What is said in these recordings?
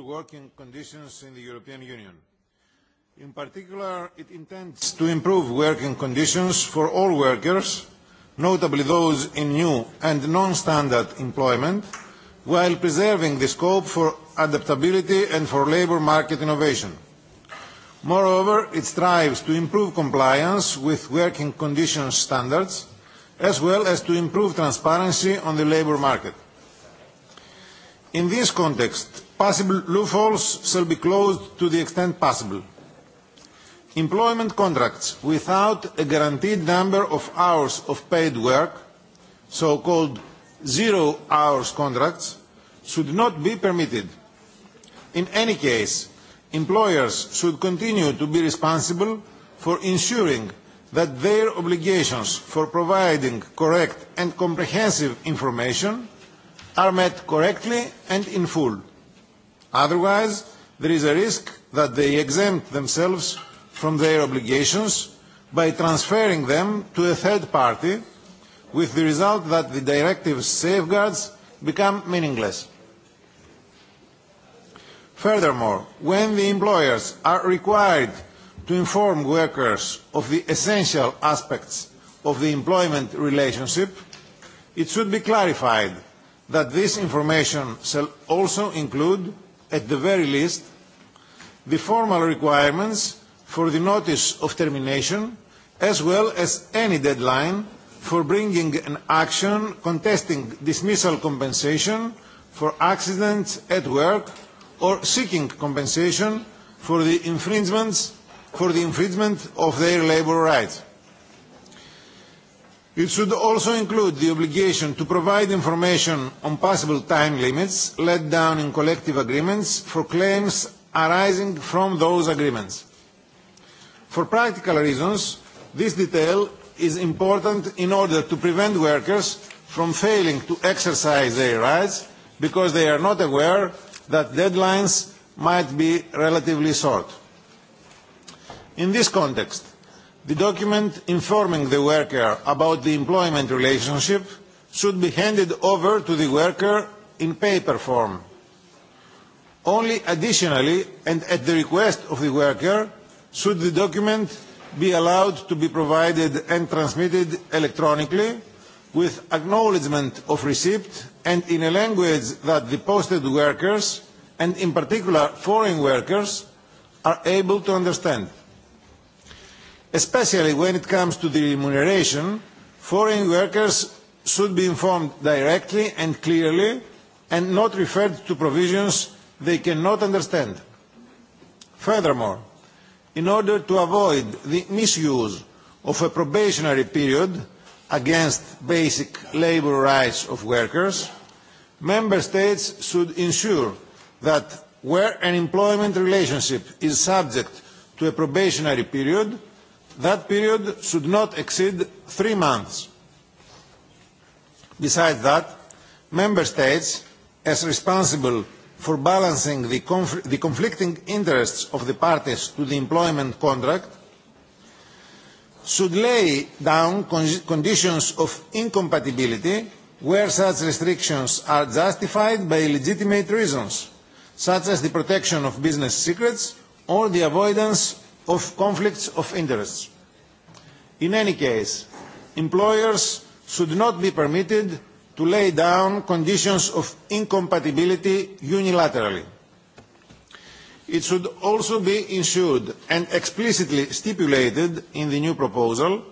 working conditions in the European Union. In particular, it intends to improve working conditions for all workers, notably those in new and non-standard employment, while preserving the scope for adaptability and for labour market innovation. Moreover, it strives to improve compliance with working conditions standards, as well as to improve transparency on the labour market. In this context, Possible loopholes shall be closed to the extent possible. Employment contracts without a guaranteed number of hours of paid work, so-called zero hours contracts, should not be permitted. In any case, employers should continue to be responsible for ensuring that their obligations for providing correct and comprehensive information are met correctly and in full. Otherwise, there is a risk that they exempt themselves from their obligations by transferring them to a third party, with the result that the directive's safeguards become meaningless. Furthermore, when the employers are required to inform workers of the essential aspects of the employment relationship, it should be clarified that this information shall also include at the very least, the formal requirements for the notice of termination, as well as any deadline for bringing an action contesting dismissal compensation for accidents at work or seeking compensation for the infringements for the infringement of their labour rights. It should also include the obligation to provide information on possible time limits let down in collective agreements for claims arising from those agreements. For practical reasons, this detail is important in order to prevent workers from failing to exercise their rights because they are not aware that deadlines might be relatively short. In this context, The document informing the worker about the employment relationship should be handed over to the worker in paper form. Only additionally and at the request of the worker should the document be allowed to be provided and transmitted electronically with acknowledgement of receipt and in a language that the posted workers and in particular foreign workers are able to understand. Especially when it comes to the remuneration, foreign workers should be informed directly and clearly and not referred to provisions they cannot understand. Furthermore, in order to avoid the misuse of a probationary period against basic labour rights of workers, Member States should ensure that where an employment relationship is subject to a probationary period, that period should not exceed three months. Besides that, Member States, as responsible for balancing the, conf the conflicting interests of the parties to the employment contract, should lay down con conditions of incompatibility where such restrictions are justified by legitimate reasons, such as the protection of business secrets or the avoidance of conflicts of interest. In any case, employers should not be permitted to lay down conditions of incompatibility unilaterally. It should also be ensured and explicitly stipulated in the new proposal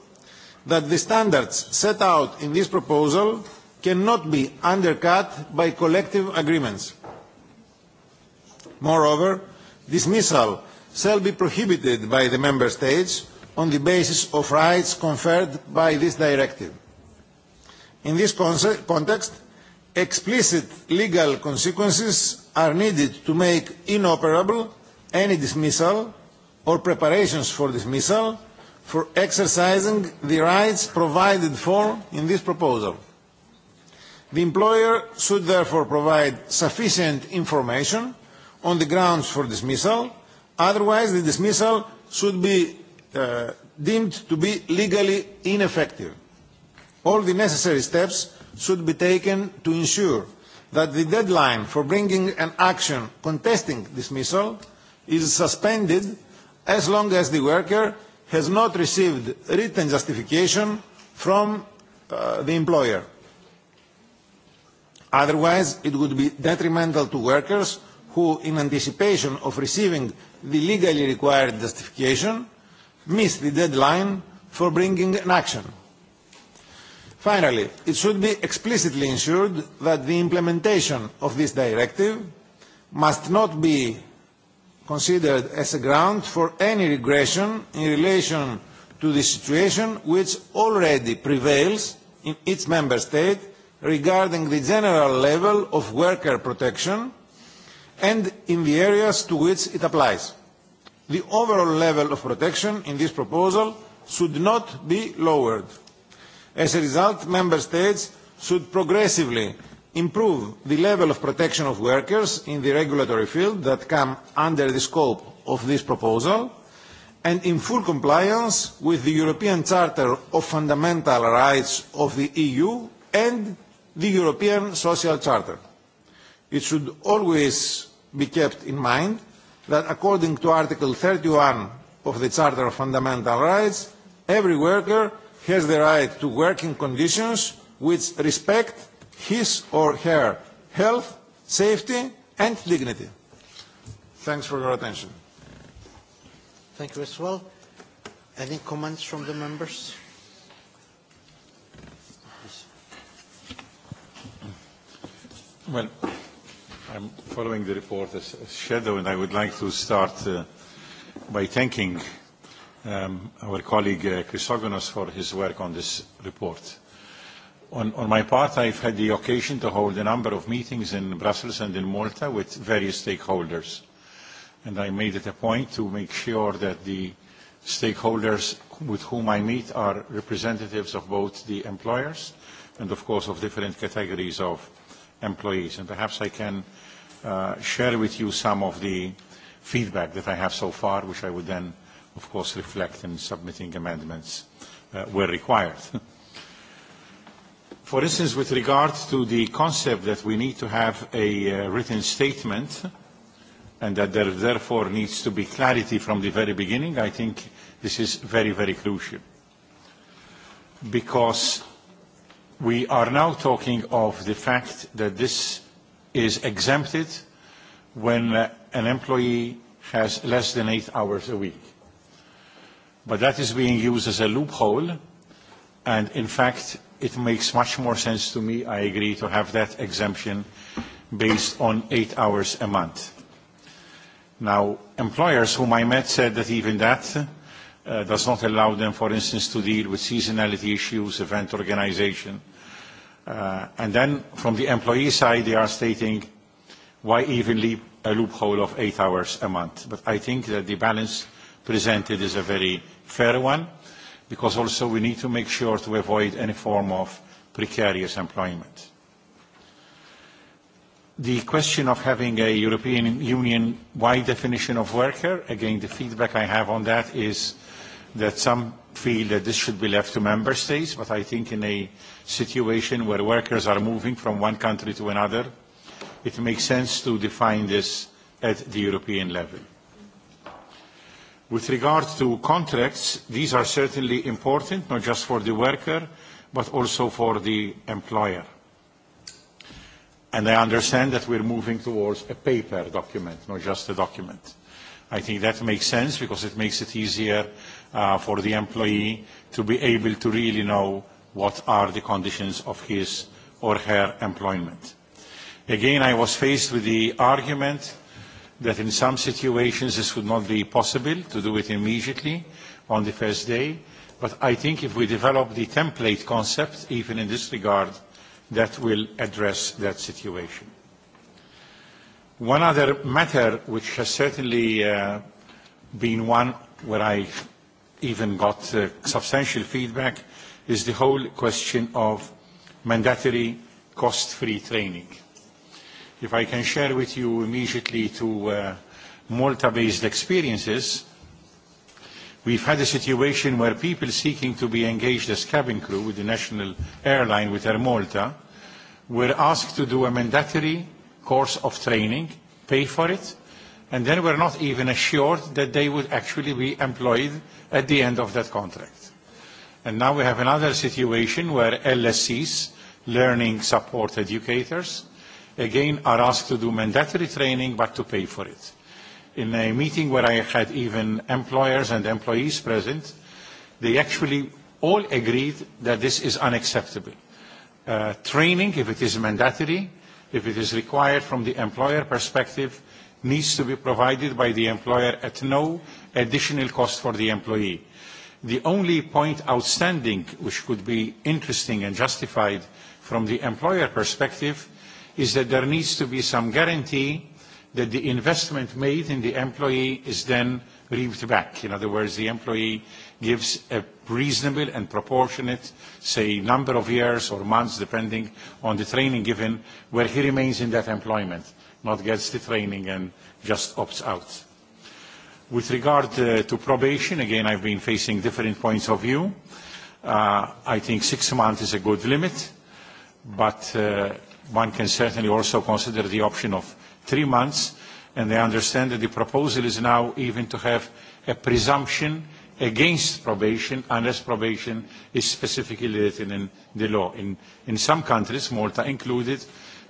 that the standards set out in this proposal cannot be undercut by collective agreements. Moreover, dismissal shall be prohibited by the Member States on the basis of rights conferred by this directive. In this context, explicit legal consequences are needed to make inoperable any dismissal or preparations for dismissal for exercising the rights provided for in this proposal. The employer should therefore provide sufficient information on the grounds for dismissal Otherwise, the dismissal should be uh, deemed to be legally ineffective. All the necessary steps should be taken to ensure that the deadline for bringing an action contesting dismissal is suspended as long as the worker has not received written justification from uh, the employer. Otherwise, it would be detrimental to workers who, in anticipation of receiving the legally required justification, missed the deadline for bringing an action. Finally, it should be explicitly ensured that the implementation of this directive must not be considered as a ground for any regression in relation to the situation which already prevails in each member state regarding the general level of worker protection and in the areas to which it applies. The overall level of protection in this proposal should not be lowered. As a result, Member States should progressively improve the level of protection of workers in the regulatory field that come under the scope of this proposal and in full compliance with the European Charter of Fundamental Rights of the EU and the European Social Charter. It should always be kept in mind that according to Article 31 of the Charter of Fundamental Rights, every worker has the right to working conditions which respect his or her health, safety and dignity. Thanks for your attention. Thank you as well. Any comments from the members? Well, I'm following the report as, as shadow, and I would like to start uh, by thanking um, our colleague uh, Chrysogonos for his work on this report. On, on my part, I've had the occasion to hold a number of meetings in Brussels and in Malta with various stakeholders, and I made it a point to make sure that the stakeholders with whom I meet are representatives of both the employers and, of course, of different categories of employees. And perhaps I can Uh, share with you some of the feedback that I have so far, which I would then, of course, reflect in submitting amendments uh, where required. For instance, with regard to the concept that we need to have a uh, written statement and that there therefore needs to be clarity from the very beginning, I think this is very, very crucial. Because we are now talking of the fact that this is exempted when uh, an employee has less than eight hours a week. But that is being used as a loophole, and in fact, it makes much more sense to me, I agree, to have that exemption based on eight hours a month. Now, employers whom I met said that even that uh, does not allow them, for instance, to deal with seasonality issues, event organization, Uh, and then from the employee side, they are stating, why even leave a loophole of eight hours a month? But I think that the balance presented is a very fair one, because also we need to make sure to avoid any form of precarious employment. The question of having a European Union-wide definition of worker, again, the feedback I have on that is that some feel that this should be left to member states, but I think in a situation where workers are moving from one country to another, it makes sense to define this at the European level. With regard to contracts, these are certainly important, not just for the worker, but also for the employer. And I understand that we're moving towards a paper document, not just a document. I think that makes sense because it makes it easier uh, for the employee to be able to really know what are the conditions of his or her employment. Again, I was faced with the argument that in some situations this would not be possible to do it immediately on the first day, but I think if we develop the template concept, even in this regard, that will address that situation. One other matter which has certainly uh, been one where I even got uh, substantial feedback, is the whole question of mandatory cost-free training. If I can share with you immediately to uh, Malta-based experiences, we've had a situation where people seeking to be engaged as cabin crew with the national airline with Air Malta were asked to do a mandatory course of training, pay for it, and then we're not even assured that they would actually be employed at the end of that contract. And now we have another situation where LSEs learning support educators, again are asked to do mandatory training but to pay for it. In a meeting where I had even employers and employees present, they actually all agreed that this is unacceptable. Uh, training, if it is mandatory, if it is required from the employer perspective, needs to be provided by the employer at no additional cost for the employee. The only point outstanding which could be interesting and justified from the employer perspective is that there needs to be some guarantee that the investment made in the employee is then reaped back. In other words, the employee gives a reasonable and proportionate, say, number of years or months, depending on the training given, where he remains in that employment not gets the training and just opts out. With regard uh, to probation, again, I've been facing different points of view. Uh, I think six months is a good limit, but uh, one can certainly also consider the option of three months, and I understand that the proposal is now even to have a presumption against probation unless probation is specifically written in the law. In, in some countries, Malta included,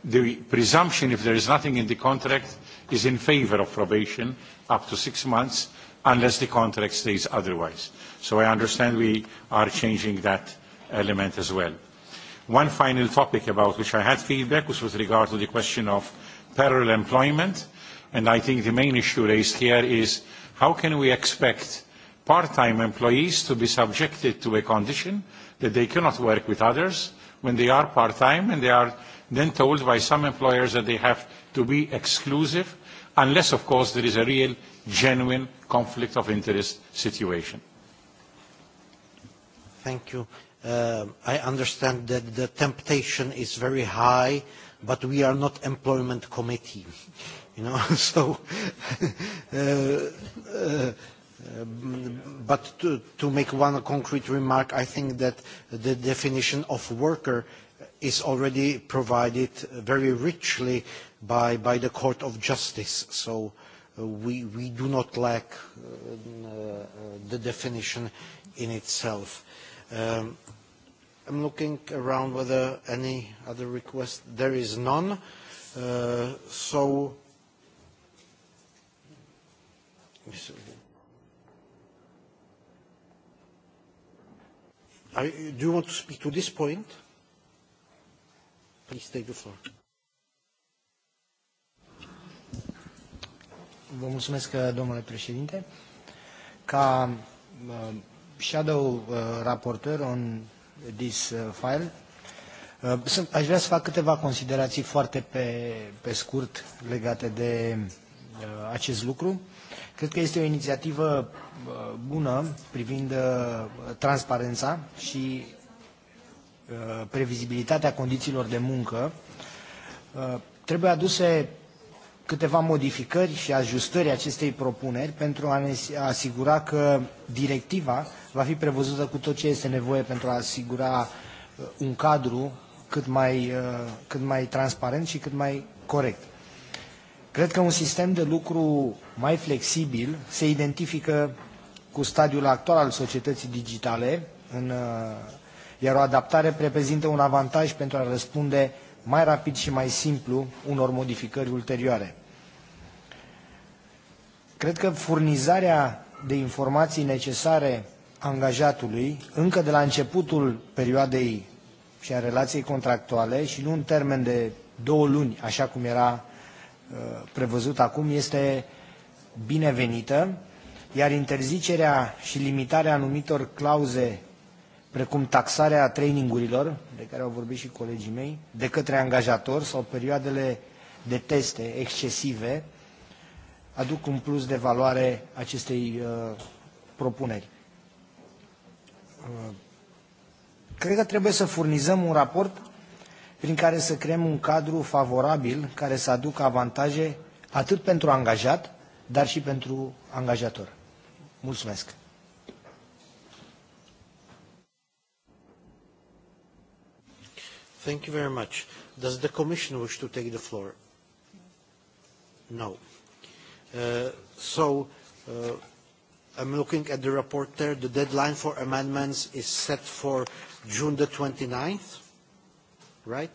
the presumption, if there is nothing in the contract, is in favour of probation up to six months unless the contract states otherwise. So I understand we are changing that element as well. One final topic about which I had feedback was with regard to the question of parallel employment. And I think the main issue raised here is how can we expect part-time employees to be subjected to a condition that they cannot work with others when they are part-time and they are then told by some employers that they have to be exclusive, unless, of course, there is a real, genuine conflict of interest situation. Thank you. Uh, I understand that the temptation is very high, but we are not employment committee. You know, so, uh, uh, but to, to make one concrete remark, I think that the definition of worker is already provided very richly by, by the Court of Justice. So uh, we, we do not lack um, uh, the definition in itself. Um, I'm looking around whether any other request. There is none. Uh, so, do you want to speak to this point? Please take the floor. Vă mulțumesc, domnule președinte. Ca uh, shadow uh, raporteur on this uh, file, uh, aș vrea să fac câteva considerații foarte pe, pe scurt legate de uh, acest lucru. Cred că este o inițiativă uh, bună privind uh, transparența și Uh, previzibilitatea condițiilor de muncă, uh, trebuie aduse câteva modificări și ajustări acestei propuneri pentru a ne asigura că directiva va fi prevăzută cu tot ce este nevoie pentru a asigura uh, un cadru cât mai, cât mai transparent și cât mai corect. Cred că un sistem de lucru mai flexibil se identifică cu stadiul actual al societății digitale în iar o adaptare reprezintă un avantaj pentru a răspunde mai rapid și mai simplu unor modificări ulterioare. Cred că furnizarea de informații necesare angajatului încă de la începutul perioadei și a relației contractuale și nu în termen de două luni, așa cum era uh, prevăzut acum, este binevenită, iar interzicerea și limitarea anumitor clauze precum taxarea trainingurilor, de care au vorbit și colegii mei, de către angajator sau perioadele de teste excesive, aduc un plus de valoare acestei uh, propuneri. Uh, cred că trebuie să furnizăm un raport prin care să creăm un cadru favorabil care să aducă avantaje atât pentru angajat, dar și pentru angajator. Mulțumesc! Thank you very much. Does the Commission wish to take the floor? No. Uh, so uh, I'm looking at the report there. The deadline for amendments is set for June the 29th, right?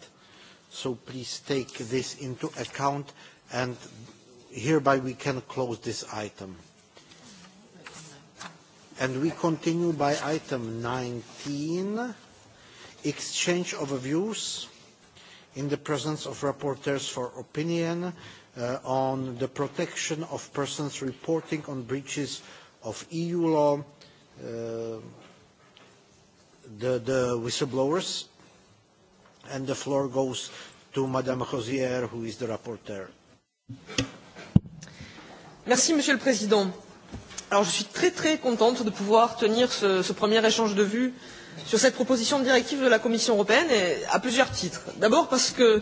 So please take this into account, and hereby we can close this item. And we continue by item 19, exchange of views in the presence of rapporteurs for opinion uh, on the protection of persons reporting on breaches of EU law, uh, the, the whistleblowers, and the floor goes to Madame Rosier, who is the rapporteur. Merci, Monsieur le Président. Alors, je suis très très contente de pouvoir tenir ce, ce premier échange de vues sur cette proposition de directive de la Commission européenne et à plusieurs titres. D'abord parce que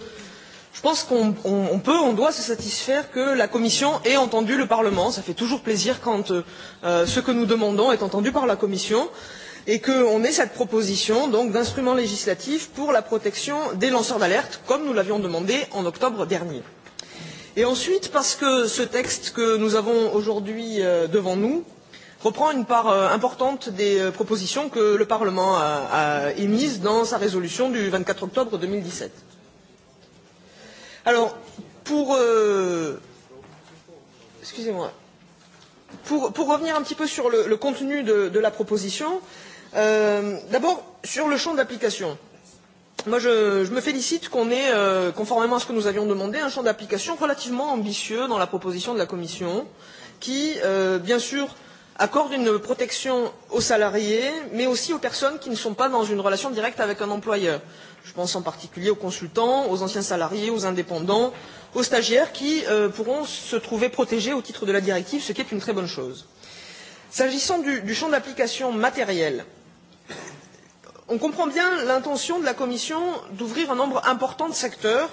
je pense qu'on peut, on doit se satisfaire que la Commission ait entendu le Parlement. Cela fait toujours plaisir quand euh, ce que nous demandons est entendu par la Commission et qu'on ait cette proposition d'instrument législatif pour la protection des lanceurs d'alerte, comme nous l'avions demandé en octobre dernier. Et ensuite, parce que ce texte que nous avons aujourd'hui euh, devant nous reprend une part euh, importante des euh, propositions que le Parlement a, a émises dans sa résolution du vingt quatre octobre deux mille dix sept. Alors, pour, euh, pour, pour revenir un petit peu sur le, le contenu de, de, la proposition, euh, d'abord sur le champ d'application. Moi, je, je, me félicite qu'on ait, euh, conformément à ce que nous avions demandé, un champ d'application relativement ambitieux dans la proposition de la Commission, qui, euh, bien sûr, accorde une protection aux salariés, mais aussi aux personnes qui ne sont pas dans une relation directe avec un employeur. Je pense en particulier aux consultants, aux anciens salariés, aux indépendants, aux stagiaires qui euh, pourront se trouver protégés au titre de la directive, ce qui est une très bonne chose. S'agissant du, du champ d'application matériel, on comprend bien l'intention de la Commission d'ouvrir un nombre important de secteurs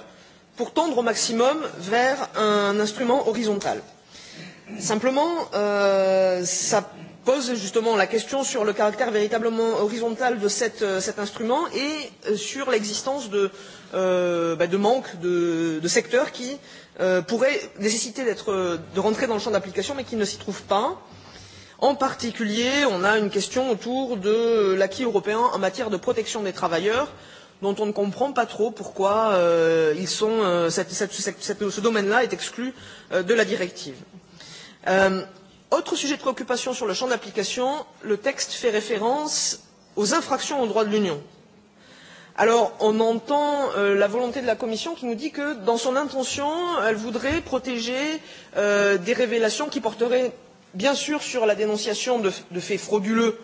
pour tendre au maximum vers un instrument horizontal. Euh, Simplement, euh, ça pose justement la question sur le caractère véritablement horizontal de cette, euh, cet instrument et euh, sur l'existence de, euh, bah, de manques de, de secteurs qui euh, pourraient nécessiter euh, de rentrer dans le champ d'application mais qui ne s'y trouvent pas. En particulier, on a une question autour de l'acquis européen en matière de protection des travailleurs dont on ne comprend pas trop pourquoi euh, ils sont, euh, cette, cette, cette, ce domaine-là est exclu euh, de la directive. Euh, autre sujet de préoccupation sur le champ d'application, le texte fait référence aux infractions au droit de l'Union. Alors, on entend euh, la volonté de la Commission qui nous dit que, dans son intention, elle voudrait protéger euh, des révélations qui porteraient bien sûr sur la dénonciation de, de faits frauduleux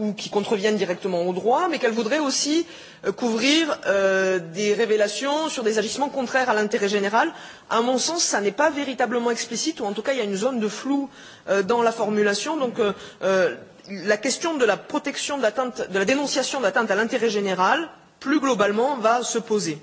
ou qui contreviennent directement au droit mais qu'elle voudrait aussi euh, couvrir euh, des révélations sur des agissements contraires à l'intérêt général. à mon sens ce n'est pas véritablement explicite ou en tout cas il y a une zone de flou euh, dans la formulation donc euh, euh la question de la protection de, de la dénonciation d'atteintes à l'intérêt général plus globalement va se poser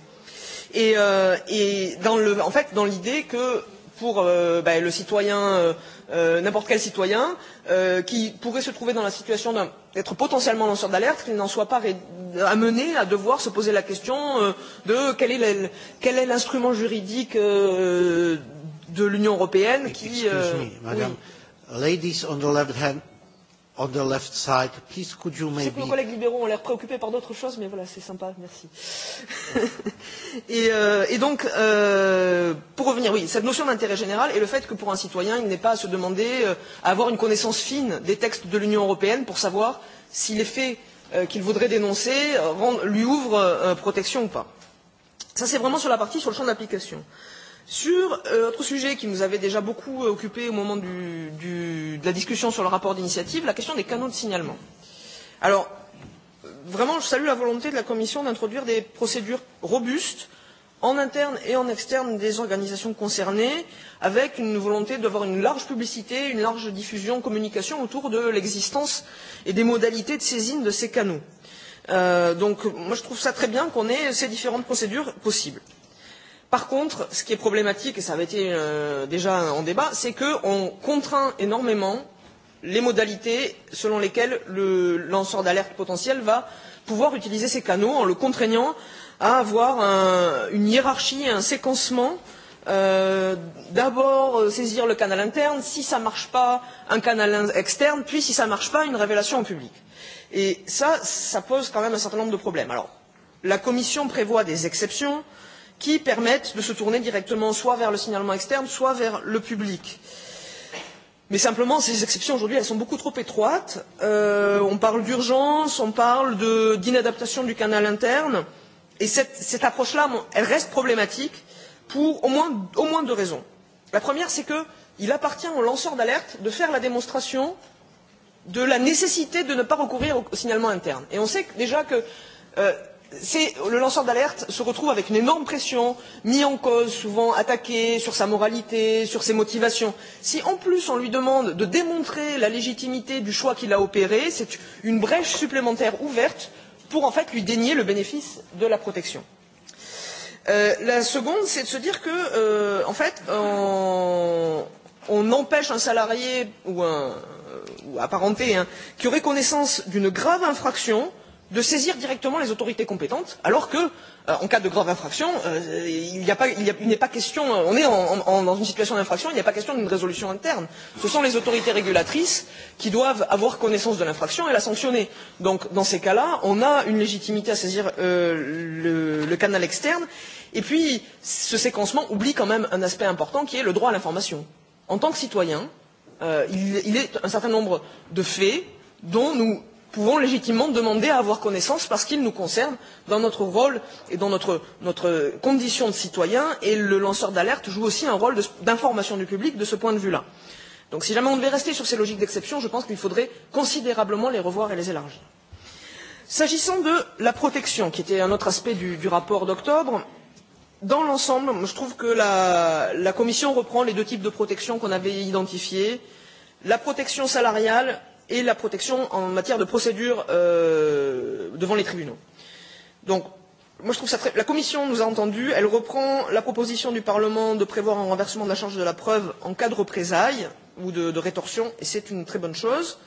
et, euh, et dans le, en fait dans l'idée que pour le citoyen euh, n'importe quel citoyen euh, qui pourrait se trouver dans la situation d'être potentiellement lanceur d'alerte qu'il n'en soit pas amené à devoir se poser la question euh, de quel est l'instrument juridique euh, de l'union européenne qui. Euh, Excuse me, madame. Oui. Ladies on the left hand, on the left side. Please could you maybe... Je sais que nos collègues libéraux ont l'air préoccupés par d'autres choses, mais voilà, c'est sympa, merci. et, euh, et donc, euh, pour revenir, oui, cette notion d'intérêt général et le fait que pour un citoyen, il n'est pas à se demander, euh, à avoir une connaissance fine des textes de l'Union européenne pour savoir si les faits euh, qu'il voudrait dénoncer euh, rend, lui ouvrent euh, protection ou pas. Ça, c'est vraiment sur la partie sur le champ d'application. Euh, Sur euh, autre sujet qui nous avait déjà beaucoup euh, occupé au moment du, du, de la discussion sur le rapport d'initiative, la question des canaux de signalement. Alors, vraiment, je salue la volonté de la Commission d'introduire des procédures robustes en interne et en externe des organisations concernées, avec une volonté d'avoir une large publicité, une large diffusion, communication autour de l'existence et des modalités de saisine de ces canaux. Euh, donc, moi, je trouve ça très bien qu'on ait ces différentes procédures possibles. Par contre, ce qui est problématique, et ça avait été euh, déjà en débat, c'est qu'on contraint énormément les modalités selon lesquelles le lanceur d'alerte potentiel va pouvoir utiliser ces canaux en le contraignant à avoir un, une hiérarchie, un séquencement. Euh, D'abord euh, saisir le canal interne, si ça ne marche pas, un canal externe, puis si ça ne marche pas, une révélation en public. Et ça, ça pose quand même un certain nombre de problèmes. Alors, la Commission prévoit des exceptions. Euh, qui permettent de se tourner directement soit vers le signalement externe, soit vers le public. Mais simplement, ces exceptions aujourd'hui, elles sont beaucoup trop étroites. Euh, on parle d'urgence, on parle d'inadaptation du canal interne. Et cette, cette approche-là, elle reste problématique pour au moins, au moins deux raisons. La première, c'est qu'il appartient aux lanceurs d'alerte de faire la démonstration de la nécessité de ne pas recourir au signalement interne. Et on sait déjà que euh, le lanceur d'alerte se retrouve avec une énorme pression mis en cause souvent attaqué sur sa moralité sur ses motivations. si en plus on lui demande de démontrer la légitimité du choix qu'il a opéré c'est une brèche supplémentaire ouverte pour en fait lui dénier le bénéfice de la protection. Euh, la seconde c'est de se dire que euh, en fait on, on empêche un salarié ou un euh, ou apparenté hein, qui aurait connaissance d'une grave infraction euh, de saisir directement les autorités compétentes alors que euh, en cas de grave infraction euh, il n'est pas, pas question euh, on est en, en, dans une situation d'infraction il n'est pas question d'une résolution interne ce sont les autorités régulatrices qui doivent avoir connaissance de l'infraction et la sanctionner. donc dans ces cas là on a une légitimité à saisir euh, le, le canal externe et puis ce séquencement oublie quand même un aspect important qui est le droit à l'information. en tant que citoyen euh, il, il est un certain nombre de faits dont nous pouvons légitimement demander à avoir connaissance parce qu'il nous concerne dans notre rôle et dans notre, notre condition de citoyen et le lanceur d'alerte joue aussi un rôle d'information du public de ce point de vue là. donc si jamais on devait rester sur ces logiques d'exception je pense qu'il faudrait considérablement les revoir et les élargir. s'agissant de la protection qui était un autre aspect du, du rapport d'octobre dans l'ensemble je trouve que la, la commission reprend les deux types de protection qu'on avait identifiés la protection salariale et la protection en matière de procédure euh, devant les tribunaux. Donc, moi, je trouve ça très... La Commission nous a entendus, elle reprend la proposition du Parlement de prévoir un renversement de la charge de la preuve en cas de représailles ou de, de rétorsion, et c'est une très bonne chose.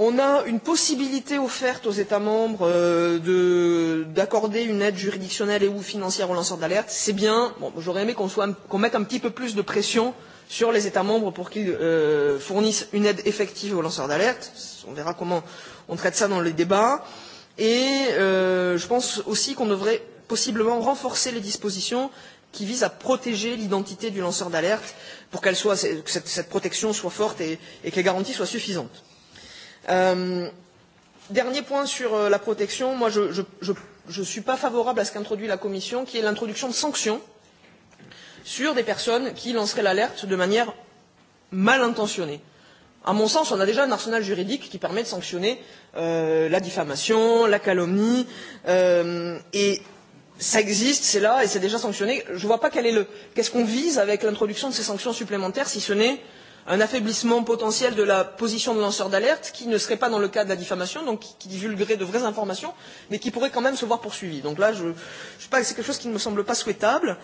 On a une possibilité offerte aux États membres euh, d'accorder une aide juridictionnelle et ou financière aux lanceurs d'alerte. C'est bien. Bon, J'aurais aimé qu'on qu mette un petit peu plus de pression euh, sur les États membres pour qu'ils euh, fournissent une aide effective aux lanceurs d'alerte. On verra comment on traite ça dans les débats. Et euh, je pense aussi qu'on devrait possiblement renforcer les dispositions qui visent à protéger l'identité du lanceur d'alerte pour qu'elle soit, que cette, cette protection soit forte et, et que les garanties soient suffisantes. Euh, dernier point sur euh, la protection, moi je ne suis pas favorable à ce qu'introduit la Commission, qui est l'introduction de sanctions sur des personnes qui lanceraient l'alerte de manière mal intentionnée. À mon sens, on a déjà un arsenal juridique qui permet de sanctionner euh, la diffamation, la calomnie, euh, et ça existe, c'est là, et c'est déjà sanctionné. Je ne vois pas quel est le, qu'est-ce qu'on vise avec l'introduction de ces sanctions supplémentaires, si ce n'est un affaiblissement potentiel de la position de lanceur d'alerte qui ne serait pas dans le cas de la diffamation, donc qui divulguerait de vraies informations, mais qui pourrait quand même se voir poursuivi. Donc là, je, je sais pas, c'est quelque chose qui ne me semble pas souhaitable. Euh,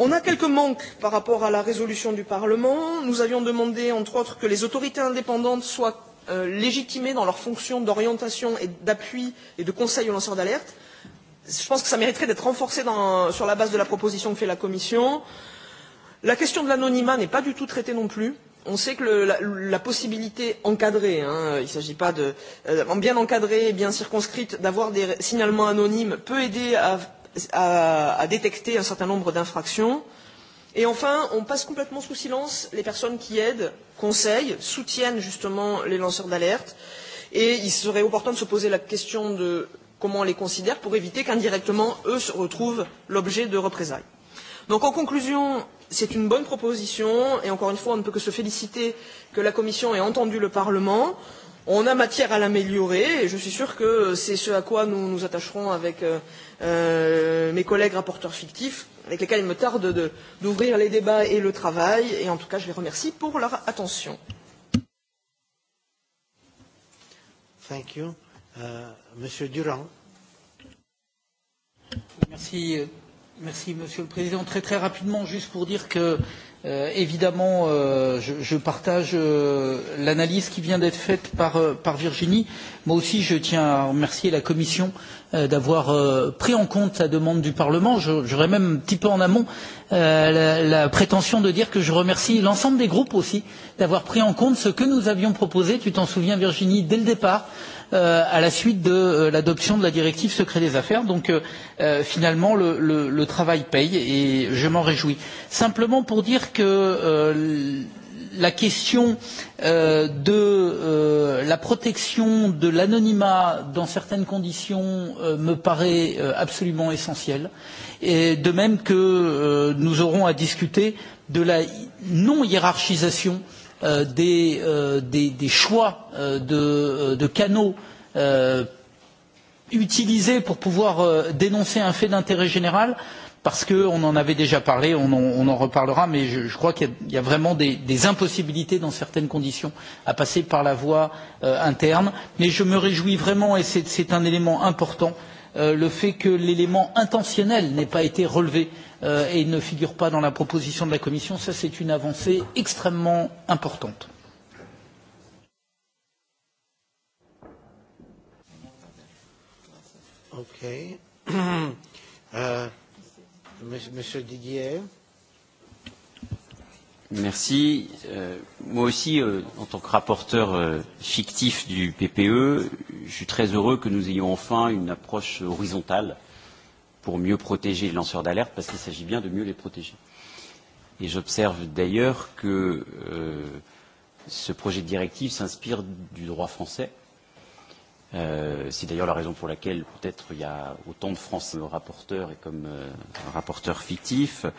on a quelques manques par rapport à la résolution du parlement nous avions demandé entre autres que les autorités indépendantes soient euh, légitimées dans leurs fonctions d'orientation et d'appui et de conseil aux lanceurs d'alerte je pense que cela mériterait d'être renforcé dans, sur la base de la proposition que fait la commission. la question de l'anonymat n'est pas du tout traitée non plus on sait que le, la, la possibilité encadrée hein, il ne s'agit pas de euh, bien encadrée et bien circonscrite d'avoir des signalements anonymes peut aider à à, à détecter un certain nombre d'infractions. Et enfin, on passe complètement sous silence les personnes qui aident, conseillent, soutiennent justement les lanceurs d'alerte. Et il serait opportun de se poser la question de comment on les considère pour éviter qu'indirectement, eux se retrouvent l'objet de représailles. Donc en conclusion, c'est une bonne proposition et encore une fois, on ne peut que se féliciter que la Commission ait entendu le Parlement on a matière à l'améliorer et je suis sûr que c'est ce à quoi nous nous attacherons avec euh, euh mes collègues rapporteurs fictifs, avec lesquels il me tarde d'ouvrir les débats et le travail. Et en tout cas, je les remercie pour leur attention. Thank you. Uh, Monsieur Durand. Merci, euh, Merci, Monsieur le Président. Très très rapidement, juste pour dire que, euh, évidemment, euh, je, je partage euh, l'analyse qui vient d'être faite par, euh, par Virginie. Moi aussi, je tiens à remercier la Commission euh, d'avoir euh, pris en compte la demande du Parlement. J'aurais même un petit peu en amont euh, la, la prétention de dire que je remercie l'ensemble des groupes aussi d'avoir pris en compte ce que nous avions proposé. Tu t'en souviens, Virginie, dès le départ euh, à la suite de euh, l'adoption de la directive secret des affaires. Donc euh, euh, finalement, le, le, le travail paye et je m'en réjouis. Simplement pour dire que euh, la question euh, de euh, la protection de l'anonymat dans certaines conditions euh, me paraît euh, absolument essentielle, et de même que euh, nous aurons à discuter de la non hiérarchisation euh, euh, des, euh, des, des choix euh, de, euh, de canaux euh, utilisés pour pouvoir euh, dénoncer un fait d'intérêt général parce qu'on en avait déjà parlé, on en, on en reparlera, mais je, je crois qu'il y, y, a vraiment des, des impossibilités dans certaines conditions à passer par la voie euh, interne. Mais je me réjouis vraiment, et c'est un élément important, euh, Euh, le fait que l'élément intentionnel n'ait pas été relevé euh, et ne figure pas dans la proposition de la Commission, ça c'est une avancée extrêmement importante. Okay. Euh, monsieur Didier. Merci. Euh, moi aussi, euh, en tant que rapporteur euh, fictif du PPE, je suis très heureux que nous ayons enfin une approche horizontale pour mieux protéger les lanceurs d'alerte, parce qu'il s'agit bien de mieux les protéger. Et j'observe d'ailleurs que euh, ce projet de directive s'inspire du droit français. Euh, C'est d'ailleurs la raison pour laquelle peut-être il y a autant de Français comme rapporteurs et comme euh, rapporteurs fictifs. Euh,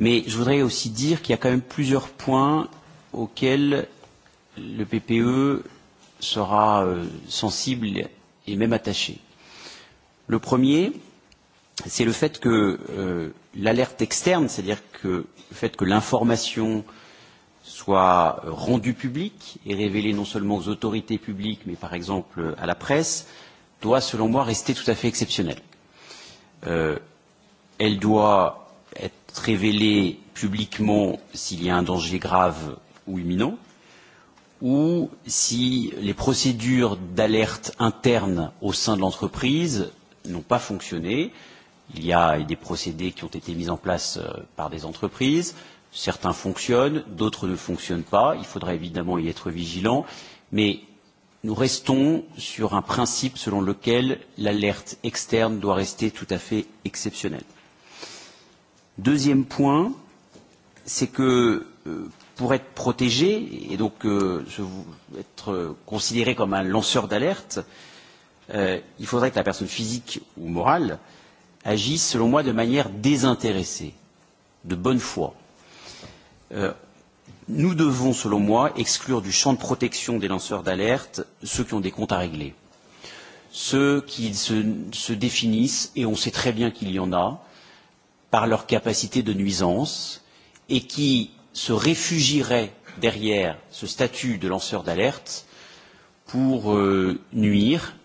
Mais je voudrais aussi dire qu'il y a quand même plusieurs points auxquels le PPE sera euh, sensible et même attaché. Le premier, c'est le fait que euh, l'alerte externe, c'est-à-dire que le fait que l'information soit rendue publique et révélée non seulement aux autorités publiques, mais par exemple à la presse, doit, selon moi, rester tout à fait exceptionnelle. Euh, elle doit être révéler publiquement s'il y a un danger grave ou imminent, ou si les procédures d'alerte interne au sein de l'entreprise n'ont pas fonctionné. Il y a des procédés qui ont été mis en place euh, par des entreprises. Certains fonctionnent, d'autres ne fonctionnent pas. Il faudra évidemment y être vigilant. Mais nous restons sur un principe selon lequel l'alerte externe doit rester tout à fait exceptionnelle. Deuxième point, c'est que euh, pour être protégé et donc euh, être considéré comme un lanceur d'alerte, euh, il faudrait que la personne physique ou morale agisse, selon moi, de manière désintéressée, de bonne foi. nous devons, selon moi, exclure du champ de protection des lanceurs d'alerte ceux qui ont des comptes à régler, ceux qui se, se définissent, et on sait très bien qu'il y en a, par leur capacité de nuisance et qui se réfugieraient derrière ce statut de lanceur d'alerte pour euh, nuire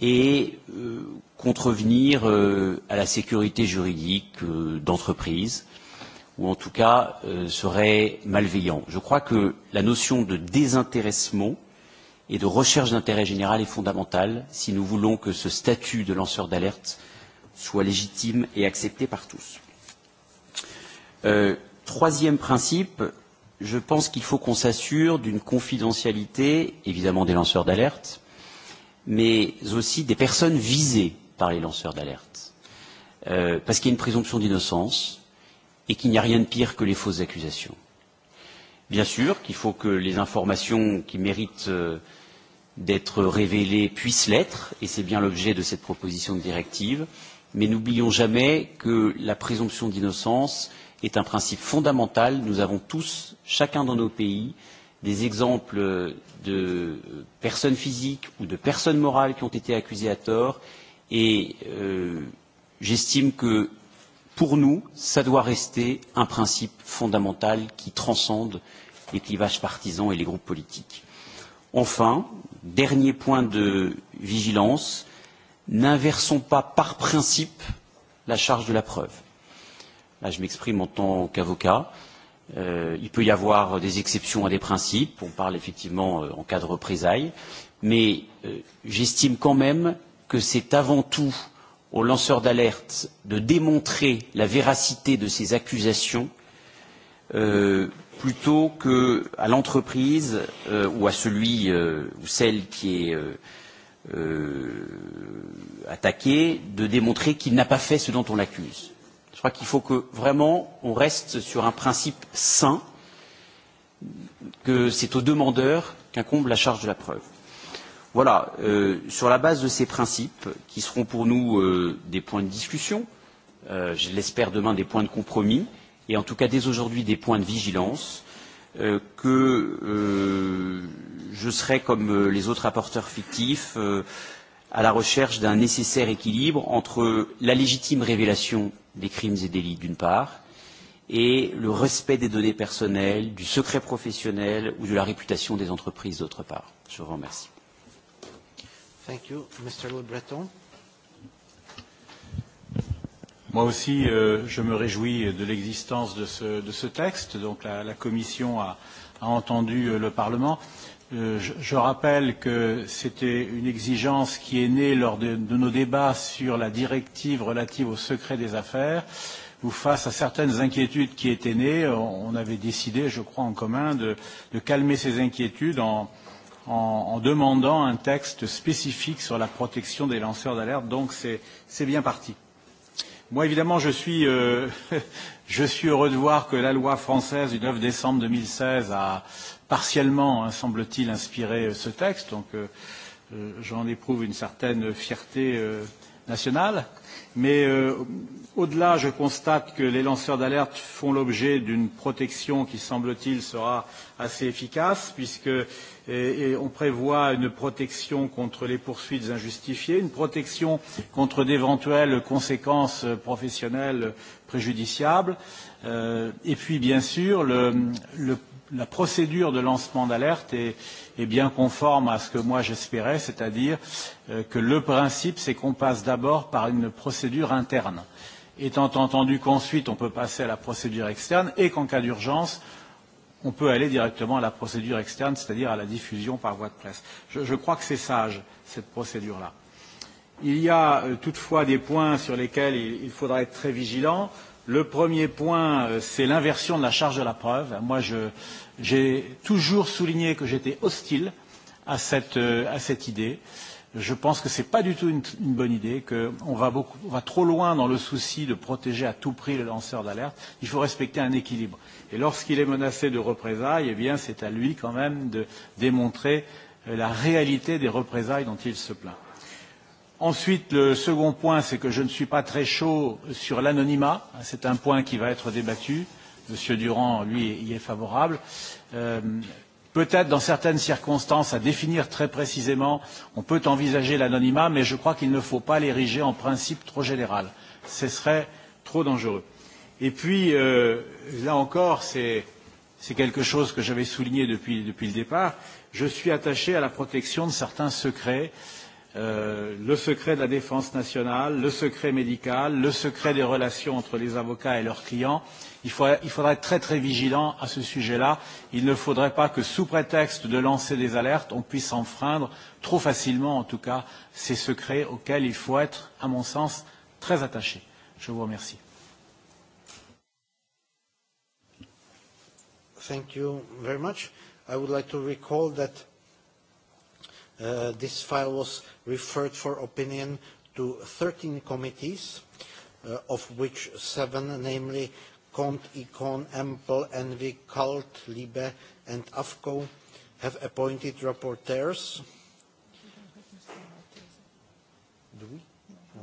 et euh, contrevenir euh, à la sécurité juridique euh, d'entreprise ou en tout cas euh, serait malveillant. Je crois que la notion de désintéressement et de recherche d'intérêt général est fondamentale si nous voulons que ce statut de lanceur d'alerte euh, soit légitime et acceptée par tous. Euh, troisième principe, je pense qu'il faut qu'on s'assure d'une confidentialité, évidemment des lanceurs d'alerte, mais aussi des personnes visées par les lanceurs d'alerte. Euh, parce qu'il y a une présomption d'innocence et qu'il n'y a rien de pire que les fausses accusations. Bien sûr qu'il faut que les informations qui méritent euh, d'être révélées puissent l'être, et c'est bien l'objet de cette proposition de directive, mais n'oublions jamais que la présomption d'innocence est un principe fondamental. Nous avons tous, chacun dans nos pays, des exemples de personnes physiques ou de personnes morales qui ont été accusées à tort et euh, j'estime que pour nous, ça doit rester un principe fondamental qui transcende les clivages partisans et les groupes politiques. Enfin, dernier point de vigilance, n'inversons pas par principe la charge de la preuve. Là, je m'exprime en tant qu'avocat. Euh, il peut y avoir des exceptions à des principes. On parle effectivement euh, en cas de représailles. Mais euh, j'estime quand même que c'est avant tout aux lanceurs d'alerte de démontrer la véracité de ces accusations euh, plutôt qu'à l'entreprise euh, ou à celui euh, ou celle qui est euh, euh, attaqué de démontrer qu'il n'a pas fait ce dont on l'accuse. Je crois qu'il faut que vraiment on reste sur un principe sain, que c'est au demandeur qu'incombe la charge de la preuve. Voilà, euh, sur la base de ces principes, qui seront pour nous euh, des points de discussion, euh, je l'espère demain des points de compromis, et en tout cas dès aujourd'hui des points de vigilance, Euh, que euh, je serai, comme euh, les autres rapporteurs fictifs, euh, à la recherche d'un nécessaire équilibre entre la légitime révélation des crimes et délits, d'une part, et le respect des données personnelles, du secret professionnel ou de la réputation des entreprises, d'autre part. Je vous remercie. Thank you. Mr. Le Breton. Moi aussi, euh, je me réjouis de l'existence de ce, de ce texte. Donc la, la Commission a, a entendu euh, le Parlement. Euh, je, je rappelle que c'était une exigence qui est née lors de, de nos débats sur la directive relative au secret des affaires, où face à certaines inquiétudes qui étaient nées, on, on avait décidé, je crois en commun, de, de calmer ces inquiétudes en, en, en demandant un texte spécifique sur la protection des lanceurs d'alerte. Donc c'est bien parti. Moi, évidemment, je suis, euh, je suis heureux de voir que la loi française du 9 décembre 2016 a partiellement, hein, semble-t-il, inspiré euh, ce texte. Donc, euh, euh, j'en éprouve une certaine fierté euh, nationale. Euh, Mais euh, au-delà, je constate que les lanceurs d'alerte font l'objet d'une protection qui, semble-t-il, sera assez efficace, puisque et, et on prévoit une protection contre les poursuites injustifiées, une protection contre d'éventuelles conséquences professionnelles préjudiciables, euh, et puis, bien sûr, le, le la procédure de lancement d'alerte est, est bien conforme à ce que moi j'espérais, c'est-à-dire euh, que le principe, c'est qu'on passe d'abord par une procédure interne, étant entendu qu'ensuite on peut passer à la procédure externe et qu'en cas d'urgence, on peut aller directement à la procédure externe, c'est-à-dire à la diffusion par voie de presse. Je, je crois que c'est sage, cette procédure-là. Il y a euh, toutefois des points sur lesquels il, il faudra être très vigilant. Euh, Le premier point, euh, c'est l'inversion de la charge de la preuve. Moi, j'ai toujours souligné que j'étais hostile à cette, euh, à cette idée. Je pense que ce n'est pas du tout une, une bonne idée, qu'on va, beaucoup, va trop loin dans le souci de protéger à tout prix le lanceur d'alerte. Il faut respecter un équilibre. Et lorsqu'il est menacé de représailles, eh c'est à lui quand même de démontrer euh, la réalité des représailles dont il se plaint. Ensuite, le second point, c'est que je ne suis pas très chaud sur l'anonymat. C'est un point qui va être débattu. Monsieur Durand, lui, y est favorable. Euh, Peut-être, dans certaines circonstances, à définir très précisément, on peut envisager l'anonymat, mais je crois qu'il ne faut pas l'ériger en principe trop général. Ce serait trop dangereux. Et puis, euh, là encore, c'est quelque chose que j'avais souligné depuis, depuis le départ, je suis attaché à la protection de certains secrets euh, Euh, le secret de la défense nationale, le secret médical, le secret des relations entre les avocats et leurs clients. Il, faut, il faudra être très très vigilant à ce sujet-là. Il ne faudrait pas que, sous prétexte de lancer des alertes, on puisse enfreindre trop facilement, en tout cas, ces secrets auxquels il faut être, à mon sens, très attaché. Je vous remercie. Thank you very much. I would like to recall that Uh, this file was referred for opinion to 13 committees, uh, of which seven, namely Cont, Econ, Ample, Envy, Cult, Libe, and AFCO, have appointed rapporteurs. Do we? No.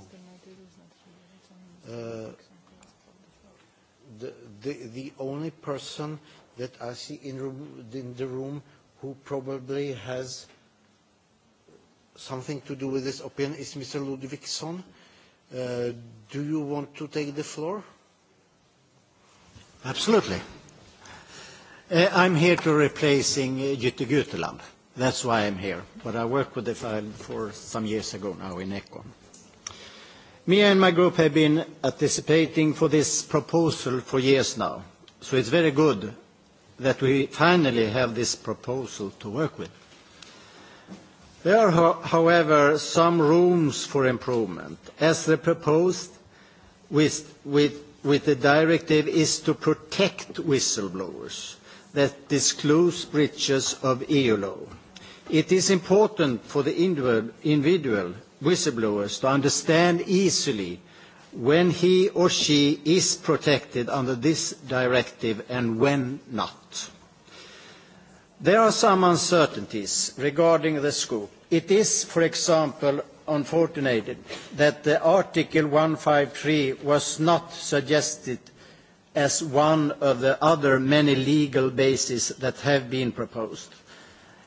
Uh, the, the, the only person that I see in, room, in the room who probably has something to do with this opinion is Mr. Ludvigsson. Uh, do you want to take the floor? Absolutely. Uh, I'm here to replacing uh, Jytte Guteland. That's why I'm here. But I worked with the file for some years ago now in Econ. Me and my group have been anticipating for this proposal for years now. So it's very good that we finally have this proposal to work with. There are, however, some rooms for improvement, as the proposed with, with, with the directive is to protect whistleblowers that disclose breaches of EU law. It is important for the individual, whistleblowers to understand easily when he or she is protected under this directive and when not. There are some uncertainties regarding the scope It is, for example, unfortunate that the Article one hundred and fifty three was not suggested as one of the other many legal bases that have been proposed,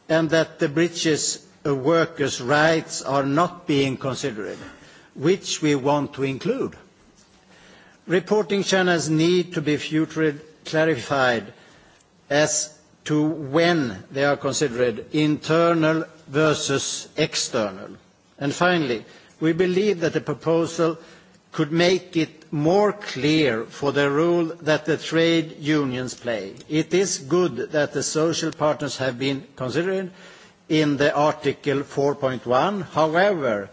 and that the breaches of workers' rights are not being considered, which we want to include. Reporting channels need to be future clarified as to when they are considered internal versus external. And Finally, we believe that the proposal could make it more clear for the role that the trade unions play. It is good that the social partners have been considered in the Article 4.1. However,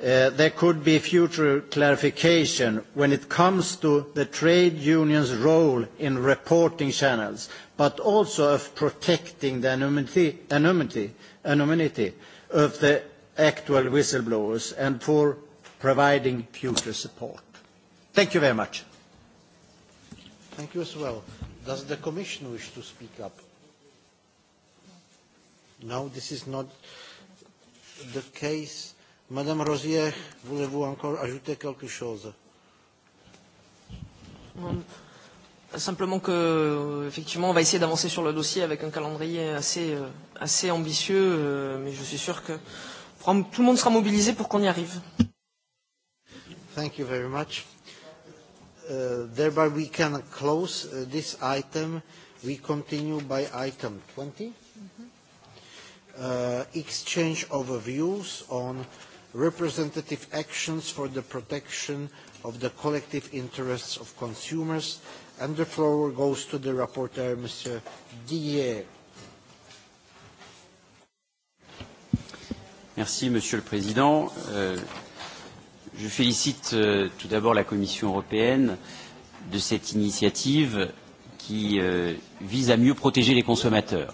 uh, there could be future clarification when it comes to the trade union's role in reporting channels, but also of protecting the anonymity, anonymity, anonymity of the actual whistleblowers and for providing future support. Thank you very much. Thank you as well. Does the Commission wish to speak up? No, this is not the case. Madame Rosier, voulez-vous encore ajouter quelque chose? Um, Simplement que, euh, effectivement, on va essayer d'avancer sur le dossier avec un calendrier assez, euh, assez ambitieux, euh, mais je suis sûr que tout le monde sera mobilisé pour qu'on y arrive. Thank you very much. Uh, thereby we can close uh, this item. We continue by item 20. Uh, exchange of views on representative actions for the protection of the collective interests of consumers And the floor goes to the rapporteur, Merci, Monsieur le Président. Euh, je félicite euh, tout d'abord la Commission européenne de cette initiative qui euh, vise à mieux protéger les consommateurs.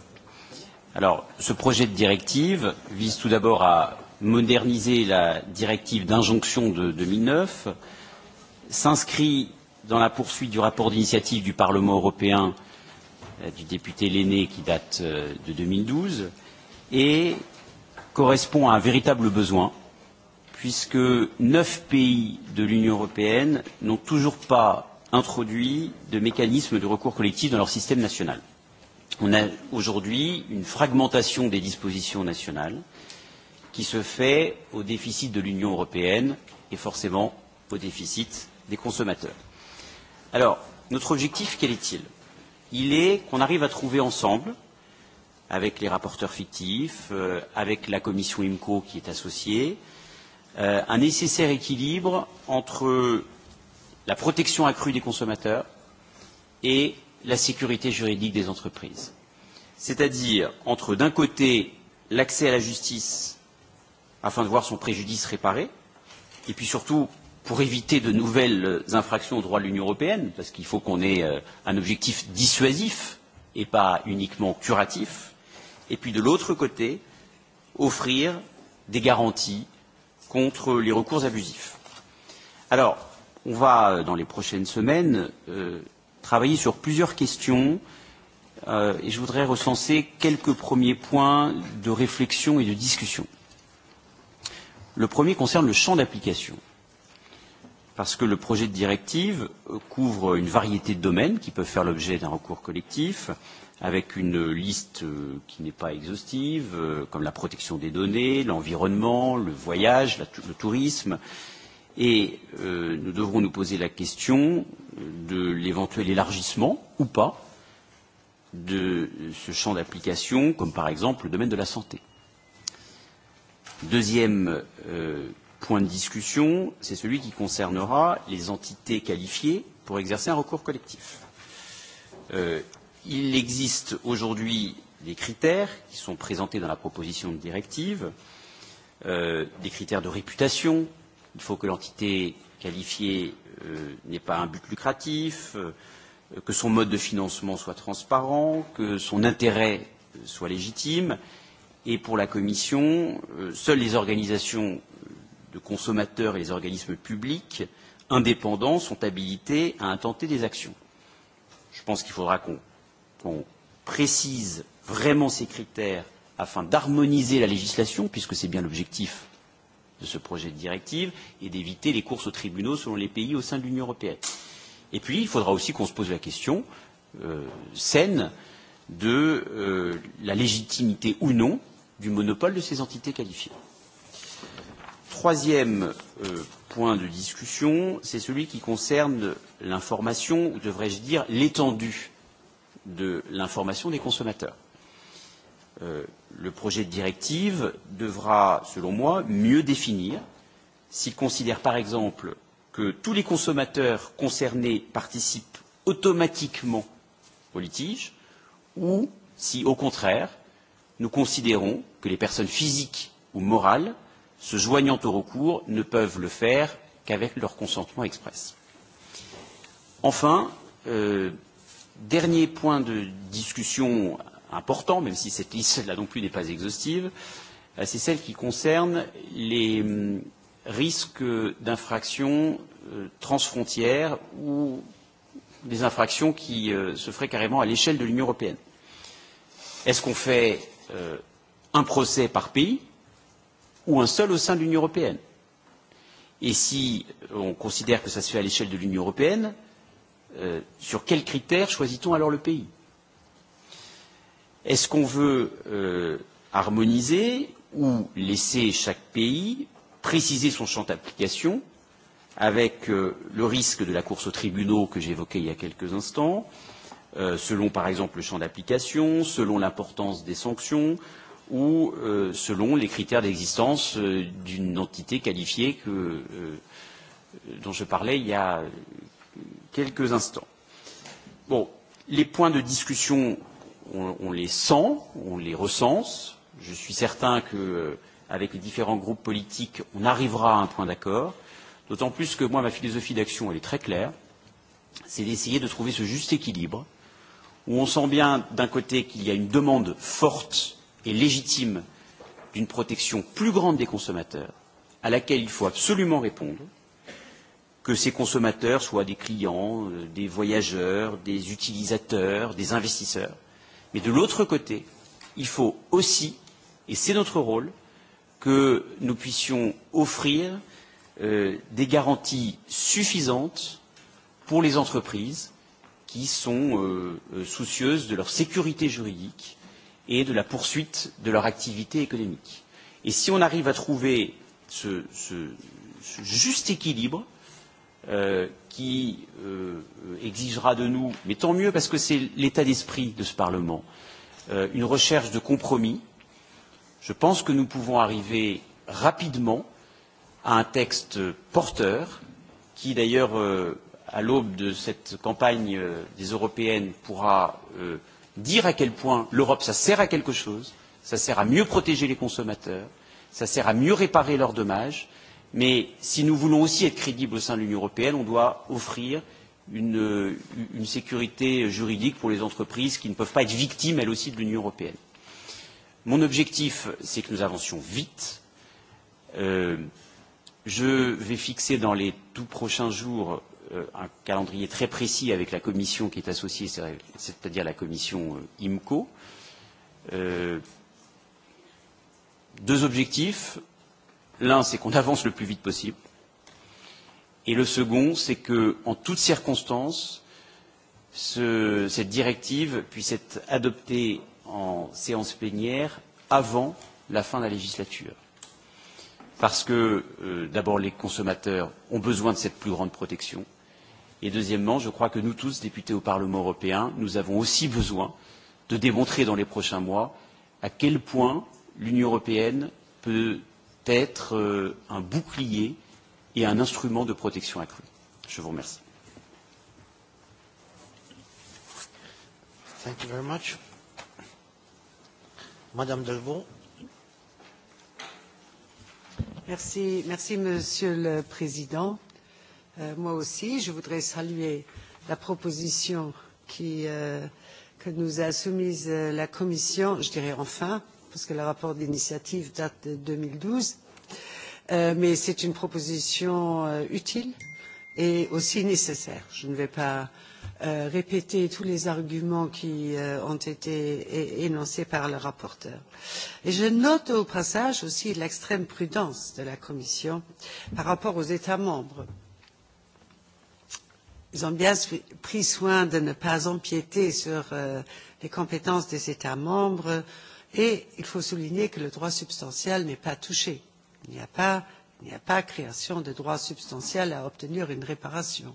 Alors, ce projet de directive vise tout d'abord à moderniser la directive d'injonction de 2009, s'inscrit dans la poursuite du rapport d'initiative du Parlement européen euh, du député Lenné qui date euh, deux de 2012 et correspond à un véritable besoin puisque neuf pays de l'Union européenne n'ont toujours pas introduit de mécanisme de recours collectif dans leur système national. On a aujourd'hui une fragmentation des dispositions nationales qui se fait au déficit de l'Union européenne et forcément au déficit des consommateurs. Alors, notre objectif, quel est-il Il est qu'on arrive à trouver ensemble, avec les rapporteurs fictifs, euh, avec la commission IMCO qui est associée, euh, un nécessaire équilibre entre la protection accrue des consommateurs et la sécurité juridique des entreprises. C'est-à-dire entre, d'un côté, l'accès à la justice afin de voir son préjudice réparé, et puis surtout pour éviter de nouvelles infractions au droit de l'Union européenne, parce qu'il faut qu'on ait euh, un objectif dissuasif et pas uniquement curatif, et puis de l'autre côté, offrir des garanties contre les recours abusifs. Alors, on va, euh, dans les prochaines semaines, euh, travailler sur plusieurs questions euh, et je voudrais recenser quelques premiers points de réflexion et de discussion. Le premier concerne le champ d'application parce que le projet de directive euh, couvre une variété de domaines qui peuvent faire l'objet d'un recours collectif, avec une liste euh, qui n'est pas exhaustive, euh, comme la protection des données, l'environnement, le voyage, le tourisme. Et euh, nous devrons nous poser la question de l'éventuel élargissement ou pas de ce champ d'application, comme par exemple le domaine de la santé. Deuxième euh, point de discussion, c'est celui qui concernera les entités qualifiées pour exercer un recours collectif. Euh, il existe aujourd'hui des critères qui sont présentés dans la proposition de directive, euh, des critères de réputation. Il faut que l'entité qualifiée euh, n'ait pas un but lucratif, euh, que son mode de financement soit transparent, que son intérêt euh, soit légitime. Et pour la Commission, euh, seules les organisations de consommateurs et les organismes publics indépendants sont habilités à intenter des actions. Je pense qu'il faudra qu'on qu précise vraiment ces critères afin d'harmoniser la législation, puisque c'est bien l'objectif de ce projet de directive, et d'éviter les courses aux tribunaux selon les pays au sein de l'Union européenne. Et puis, il faudra aussi qu'on se pose la question euh, saine de euh, la légitimité ou non du monopole de ces entités qualifiées troisième euh, point de discussion, c'est celui qui concerne l'information, ou devrais-je dire l'étendue de l'information des consommateurs. Euh, le projet de directive devra, selon moi, mieux définir s'il considère, par exemple, que tous les consommateurs concernés participent automatiquement au litige, ou si, au contraire, nous considérons que les personnes physiques ou morales se joignant au recours ne peuvent le faire qu'avec leur consentement express. Enfin, euh, dernier point de discussion important, même si cette liste là non plus n'est pas exhaustive, euh, c'est celle qui concerne les risques d'infractions euh, transfrontières ou des infractions qui euh, se feraient carrément à l'échelle de l'Union européenne. Est-ce qu'on fait un procès par pays ou un seul au sein de l'Union européenne. Et si euh, on considère que ça se fait à l'échelle de l'Union européenne, euh, sur quels critères choisit-on alors le pays Est-ce qu'on veut euh, harmoniser ou laisser chaque pays préciser son champ d'application avec euh, le risque de la course aux tribunaux que j'évoquais il y a quelques instants, euh, selon par exemple le champ d'application, selon l'importance des sanctions, ou euh, selon les critères d'existence euh, d'une entité qualifiée que, euh, dont je parlais il y a quelques instants. Bon, les points de discussion, on, on les sent, on les recense. Je suis certain que, euh, avec les différents groupes politiques, on arrivera à un point d'accord. D'autant plus que moi, ma philosophie d'action, elle est très claire. C'est d'essayer de trouver ce juste équilibre où on sent bien d'un côté qu'il y a une demande forte et légitime d'une protection plus grande des consommateurs, à laquelle il faut absolument répondre, que ces consommateurs soient des clients, euh, des voyageurs, des utilisateurs, des investisseurs. Mais de l'autre côté, il faut aussi, et c'est notre rôle, que nous puissions offrir euh, des garanties suffisantes pour les entreprises qui sont euh, euh soucieuses de leur sécurité juridique et de la poursuite de leur activité économique. Et si on arrive à trouver ce, ce, ce juste équilibre euh, qui euh, exigera de nous, mais tant mieux parce que c'est l'état d'esprit de ce Parlement, euh, une recherche de compromis, je pense que nous pouvons arriver rapidement à un texte porteur qui d'ailleurs euh, à l'aube de cette campagne euh, des européennes pourra euh, dire à quel point l'Europe, ça sert à quelque chose, ça sert à mieux protéger les consommateurs, ça sert à mieux réparer leurs dommages, mais si nous voulons aussi être crédibles au sein de l'Union européenne, on doit offrir une, euh, une sécurité juridique pour les entreprises qui ne peuvent pas être victimes, elles aussi, de l'Union européenne. Mon objectif, c'est que nous avancions vite. Euh, je vais fixer dans les tout prochains jours Euh, un calendrier très précis avec la commission qui est associée, c'est-à-dire la commission euh, IMCO. Euh, deux objectifs. L'un, c'est qu'on avance le plus vite possible. Et le second, c'est que, en toutes circonstances, ce, cette directive puisse être adoptée en séance plénière avant la fin de la législature. Parce que, euh, d'abord, les consommateurs ont besoin de cette plus grande protection. Et deuxièmement, je crois que nous tous, députés au Parlement européen, nous avons aussi besoin de démontrer dans les prochains mois à quel point l'Union européenne peut être euh, un bouclier et un instrument de protection accrue. Je vous remercie. Thank you very much. Madame Delvaux. Merci, merci Monsieur le Président Euh, moi aussi, je voudrais saluer la proposition qui, euh, que nous a soumise euh, la Commission, je dirais enfin, parce que le rapport d'initiative date de deux mille douze, euh, mais c'est une proposition euh, utile et aussi nécessaire. Je ne vais pas euh, répéter tous les arguments qui euh, ont été énoncés par le rapporteur. Et je note au passage aussi l'extrême prudence de la Commission par rapport aux États membres ils ont bien pris soin de ne pas empiéter sur euh, les compétences des États membres et il faut souligner que le droit substantiel n'est pas touché. Il n'y a pas, il n'y a pas création de droit substantiel à obtenir une réparation.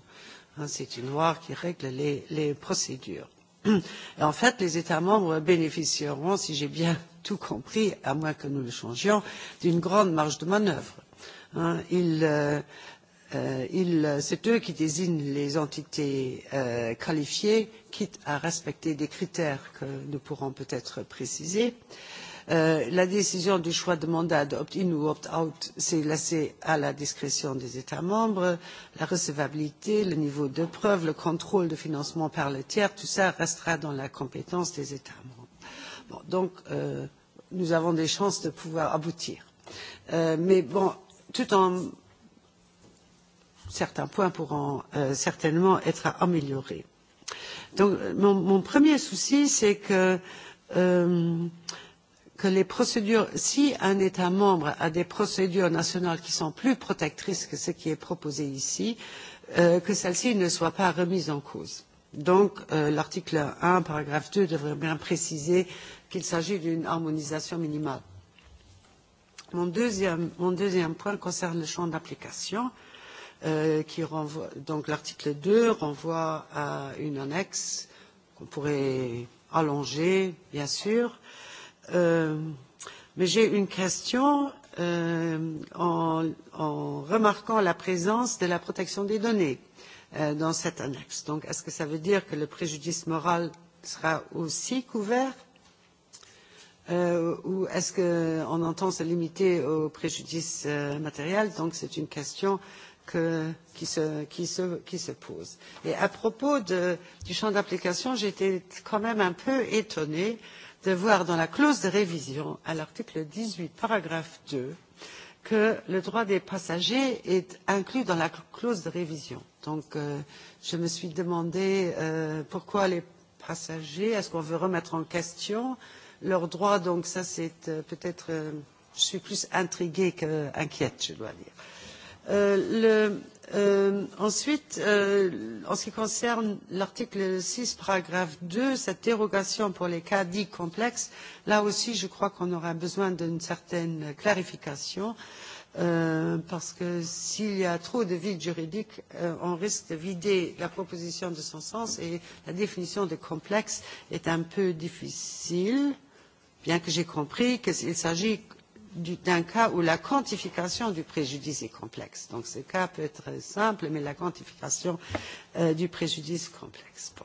c'est une loi qui règle les, les procédures. Et en fait, les États membres bénéficieront, si j'ai bien tout compris, à moins que nous le changions, d'une grande marge de manœuvre. ils, euh, euh, c'est eux qui désignent les entités euh, qualifiées, quitte à respecter des critères que nous pourrons peut-être préciser. Euh, la décision du choix de mandat d'opt-in ou opt-out, s'est laissée à la discrétion des États membres. La recevabilité, le niveau de preuve, le contrôle de financement par le tiers, tout cela restera dans la compétence des États membres. Bon, donc, euh, nous avons des chances de pouvoir aboutir. Euh, mais bon, tout en certains points pourront euh, certainement être améliorés. Donc, mon, mon premier souci, c'est que, euh, que les procédures, si un État membre a des procédures nationales qui sont plus protectrices que ce qui est proposé ici, euh, que celles-ci ne soient pas remises en cause. Donc, euh, l'article 1, paragraphe 2 devrait bien préciser qu'il s'agit d'une harmonisation minimale. Mon deuxième, mon deuxième point concerne le champ d'application. Euh, euh, qui renvoie donc l'article 2 renvoie à une annexe qu'on pourrait allonger, bien sûr. Euh, mais j'ai une question euh, en, en remarquant la présence de la protection des données euh, dans cette annexe. Donc, est-ce que ça veut dire que le préjudice moral sera aussi couvert euh, ou est-ce qu'on entend se limiter au préjudice euh, matériel Donc, c'est une question euh, que, qui, se, qui, se, qui se posent. Et à propos de, du champ d'application, j'étais quand même un peu étonnée de voir dans la clause de révision, à l'article dix huit, paragraphe deux, que le droit des passagers est inclus dans la clause de révision. Donc, euh, je me suis demandé euh, pourquoi les passagers, est-ce qu'on veut remettre en question leurs droits Donc, ça, c'est euh, peut-être, euh, je suis plus intriguée qu'inquiète, je dois dire. Euh, Euh, euh, ensuite, euh, en ce qui concerne l'article six, paragraphe deux, cette dérogation pour les cas dits complexes, là aussi, je crois qu'on aura besoin d'une certaine clarification. Euh, parce que s'il y a trop de vide juridique, euh, on risque de vider la proposition de son sens et la définition de complexe est un peu difficile, bien que j'ai compris qu'il s'agit d'un cas où la quantification du préjudice est complexe. Donc ce cas peut être simple, mais la quantification euh, du préjudice complexe. Bon.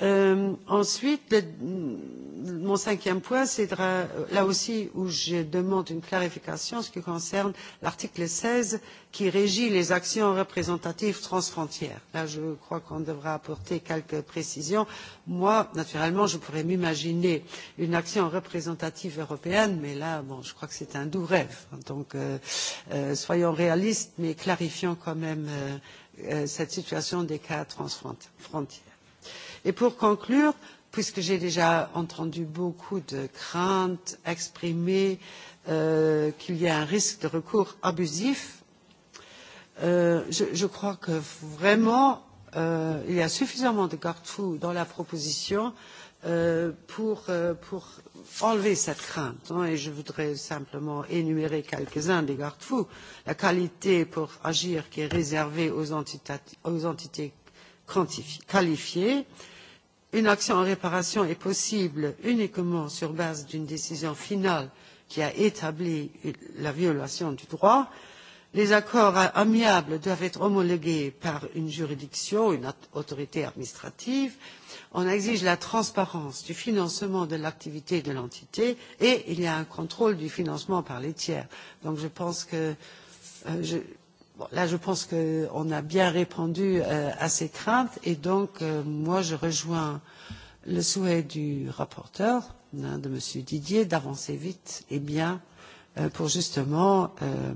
Euh, ensuite, mon cinquième point, c'est là aussi où je demande une clarification en ce qui concerne l'article seize qui régit les actions représentatives transfrontières. Là, je crois qu'on devra apporter quelques précisions. Moi, naturellement, je pourrais m'imaginer une action représentative européenne, mais là, bon, je crois que c'est un doux rêve. Donc, euh, euh, soyons réalistes, mais clarifions quand même cette situation des cas transfrontières Et pour conclure, puisque j'ai déjà entendu beaucoup de craintes exprimées euh, qu'il y a un risque de recours abusif, euh, je, crois que vraiment euh, il y a suffisamment de garde-fous dans la proposition pour, enlever cette crainte. et je voudrais simplement énumérer quelques-uns des garde-fous. La qualité pour agir qui est réservée aux, entités, qualifiées, une action en réparation est possible uniquement sur la base d'une décision finale qui a établi la violation du droit les accords amiables doivent être homologués par une juridiction une autorité administrative on exige la transparence du financement de l'activité de l'entité et il y a un contrôle du financement par les tiers. donc je pense que euh, je, Bon, là, je pense qu'on a bien répondu euh, à ces craintes et donc, euh, moi, je rejoins le souhait du rapporteur, hein, de M. Didier, d'avancer vite et bien euh, pour justement euh,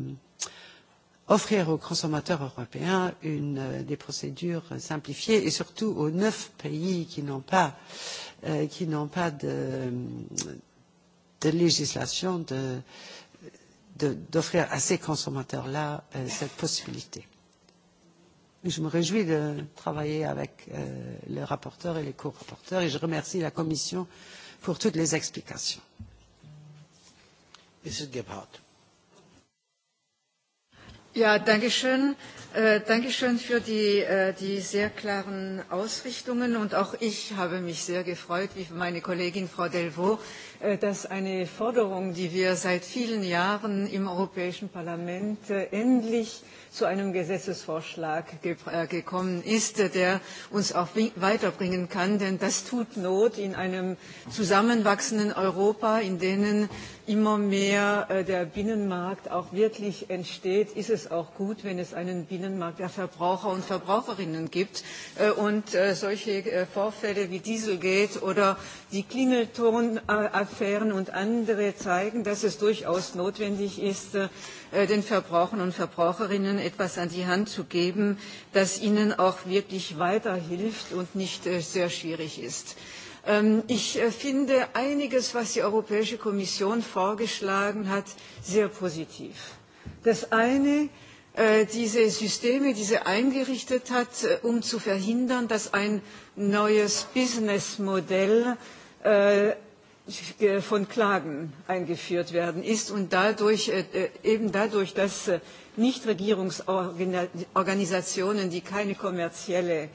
offrir aux consommateurs européens une, euh, des procédures simplifiées et surtout aux neuf pays qui n'ont pas, euh, qui pas de, de législation de, d'offrir à ces consommateurs-là euh, cette possibilité. Je me réjouis de travailler avec euh, le rapporteur et les co-rapporteurs et je remercie la Commission pour toutes les explications. Mrs. Gebhardt. Ja, danke schön. Äh, danke schön für die, äh, die sehr klaren Ausrichtungen. Und auch ich habe mich sehr gefreut, wie meine Kollegin Frau Delvaux, Äh, dass eine Forderung, die wir seit vielen Jahren im Europäischen Parlament äh, endlich zu einem Gesetzesvorschlag ge äh, gekommen ist, äh, der uns auch weiterbringen kann. Denn das tut Not in einem zusammenwachsenden Europa, in dem immer mehr äh, der Binnenmarkt auch wirklich entsteht. Ist es auch gut, wenn es einen Binnenmarkt der Verbraucher und Verbraucherinnen gibt äh, und äh, solche äh, Vorfälle wie Dieselgate oder die Klingelton-Affären und andere zeigen, dass es durchaus notwendig ist, Äh, den Verbrauchern und Verbraucherinnen etwas an die Hand zu geben, das ihnen auch wirklich weiterhilft und nicht äh, sehr schwierig ist. Ähm, ich äh, finde einiges, was die Europäische Kommission vorgeschlagen hat, sehr positiv. Das eine, diese Systeme, die sie eingerichtet hat, um zu verhindern, dass ein neues Businessmodell Äh, von Klagen eingeführt werden ist und dadurch, äh, äh, eben dadurch, dass Nichtregierungsorganisationen, die keine kommerzielle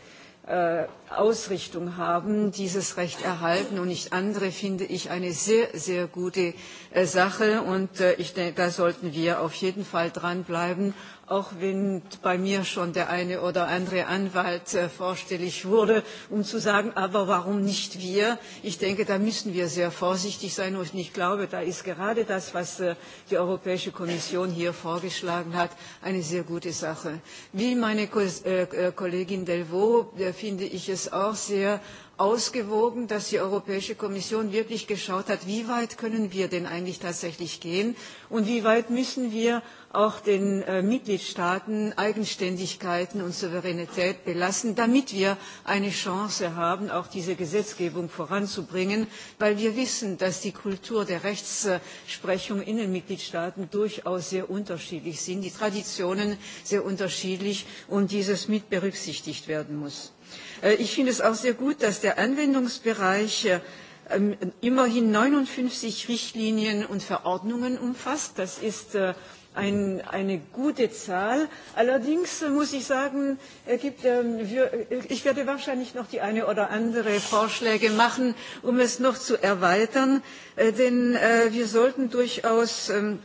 Ausrichtung haben, dieses Recht erhalten und nicht andere, finde ich eine sehr, sehr gute Sache. Und ich denke, da sollten wir auf jeden Fall dranbleiben auch wenn bei mir schon der eine oder andere Anwalt äh, vorstellig wurde, um zu sagen, aber warum nicht wir? Ich denke, da müssen wir sehr vorsichtig sein und ich glaube, da ist gerade das, was äh, die Europäische Kommission hier vorgeschlagen hat, eine sehr gute Sache. Wie meine äh, Kollegin Delvaux finde ich es auch sehr ausgewogen, dass die Europäische Kommission wirklich geschaut hat, wie weit können wir denn eigentlich tatsächlich gehen und wie weit müssen wir auch den äh, Mitgliedstaaten Eigenständigkeiten und Souveränität belassen, damit wir eine Chance haben, auch diese Gesetzgebung voranzubringen, weil wir wissen, dass die Kultur der Rechtsprechung in den Mitgliedstaaten durchaus sehr unterschiedlich sind, die Traditionen sehr unterschiedlich und dieses mit berücksichtigt werden muss Äh, ich finde es auch sehr gut, dass der Anwendungsbereich äh, ähm, immerhin 59 Richtlinien und Verordnungen umfasst. Das ist äh, ein, eine gute Zahl. Allerdings muss ich sagen, gibt, ähm, ich werde wahrscheinlich noch die eine oder andere Vorschläge machen, um es noch zu erweitern, denn wir sollten durchaus ähm,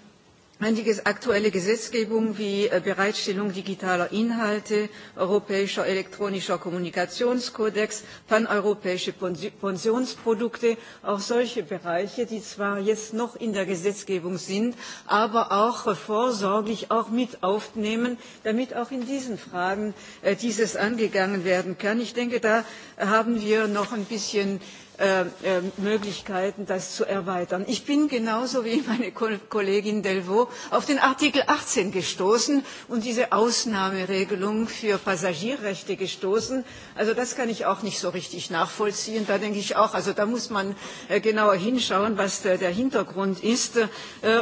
einige aktuelle Gesetzgebung wie äh, Bereitstellung digitaler Inhalte, europäischer elektronischer Kommunikationskodex, paneuropäische Pensionsprodukte, auch solche Bereiche, die zwar jetzt noch in der Gesetzgebung sind, aber auch vorsorglich auch mit aufnehmen, damit auch in diesen Fragen äh, dieses angegangen werden kann. Ich denke, da haben wir noch ein bisschen Äh, äh, Möglichkeiten, das zu erweitern. Ich bin genauso wie meine Kollegin Delvaux auf den Artikel 18 gestoßen und diese Ausnahmeregelung für Passagierrechte gestoßen. Also das kann ich auch nicht so richtig nachvollziehen. Da denke ich auch, also da muss man äh, genauer hinschauen, was der Hintergrund ist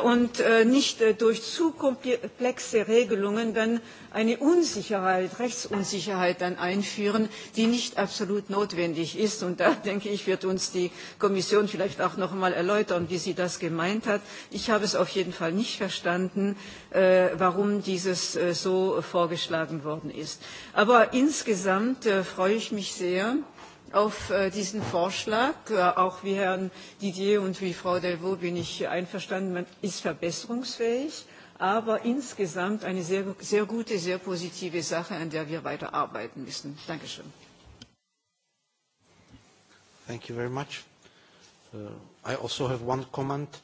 und nicht durch zu komplexe Regelungen dann eine Unsicherheit, Rechtsunsicherheit dann einführen, die nicht absolut notwendig ist. Und da denke ich, wird uns die kommission vielleicht auch noch einmal erläutern wie sie das gemeint hat. ich habe es auf jeden fall nicht verstanden äh, warum dies äh, so vorgeschlagen worden ist. aber insgesamt äh, freue ich mich sehr auf diesen Vorschlag. Auch wie Herrn Didier und wie Frau Delvaux bin ich einverstanden, man ist verbesserungsfähig, aber insgesamt eine sehr, sehr gute, sehr positive Sache, an der wir weiter arbeiten müssen. Dankeschön. Thank you very much. Uh, I also have one comment.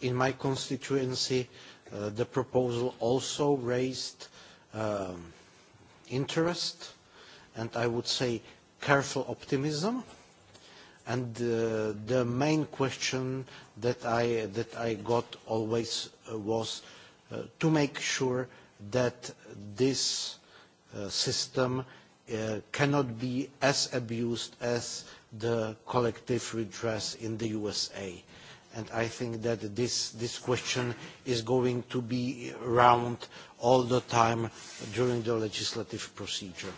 In my constituency, uh, the proposal also raised um, interest and I would say careful optimism. And uh, the main question that I, that I got always uh, was uh, to make sure that this uh, system Uh, cannot be as abused as the collective redress in the USA. And I think that this, this question is going to be around all the time during the legislative procedure.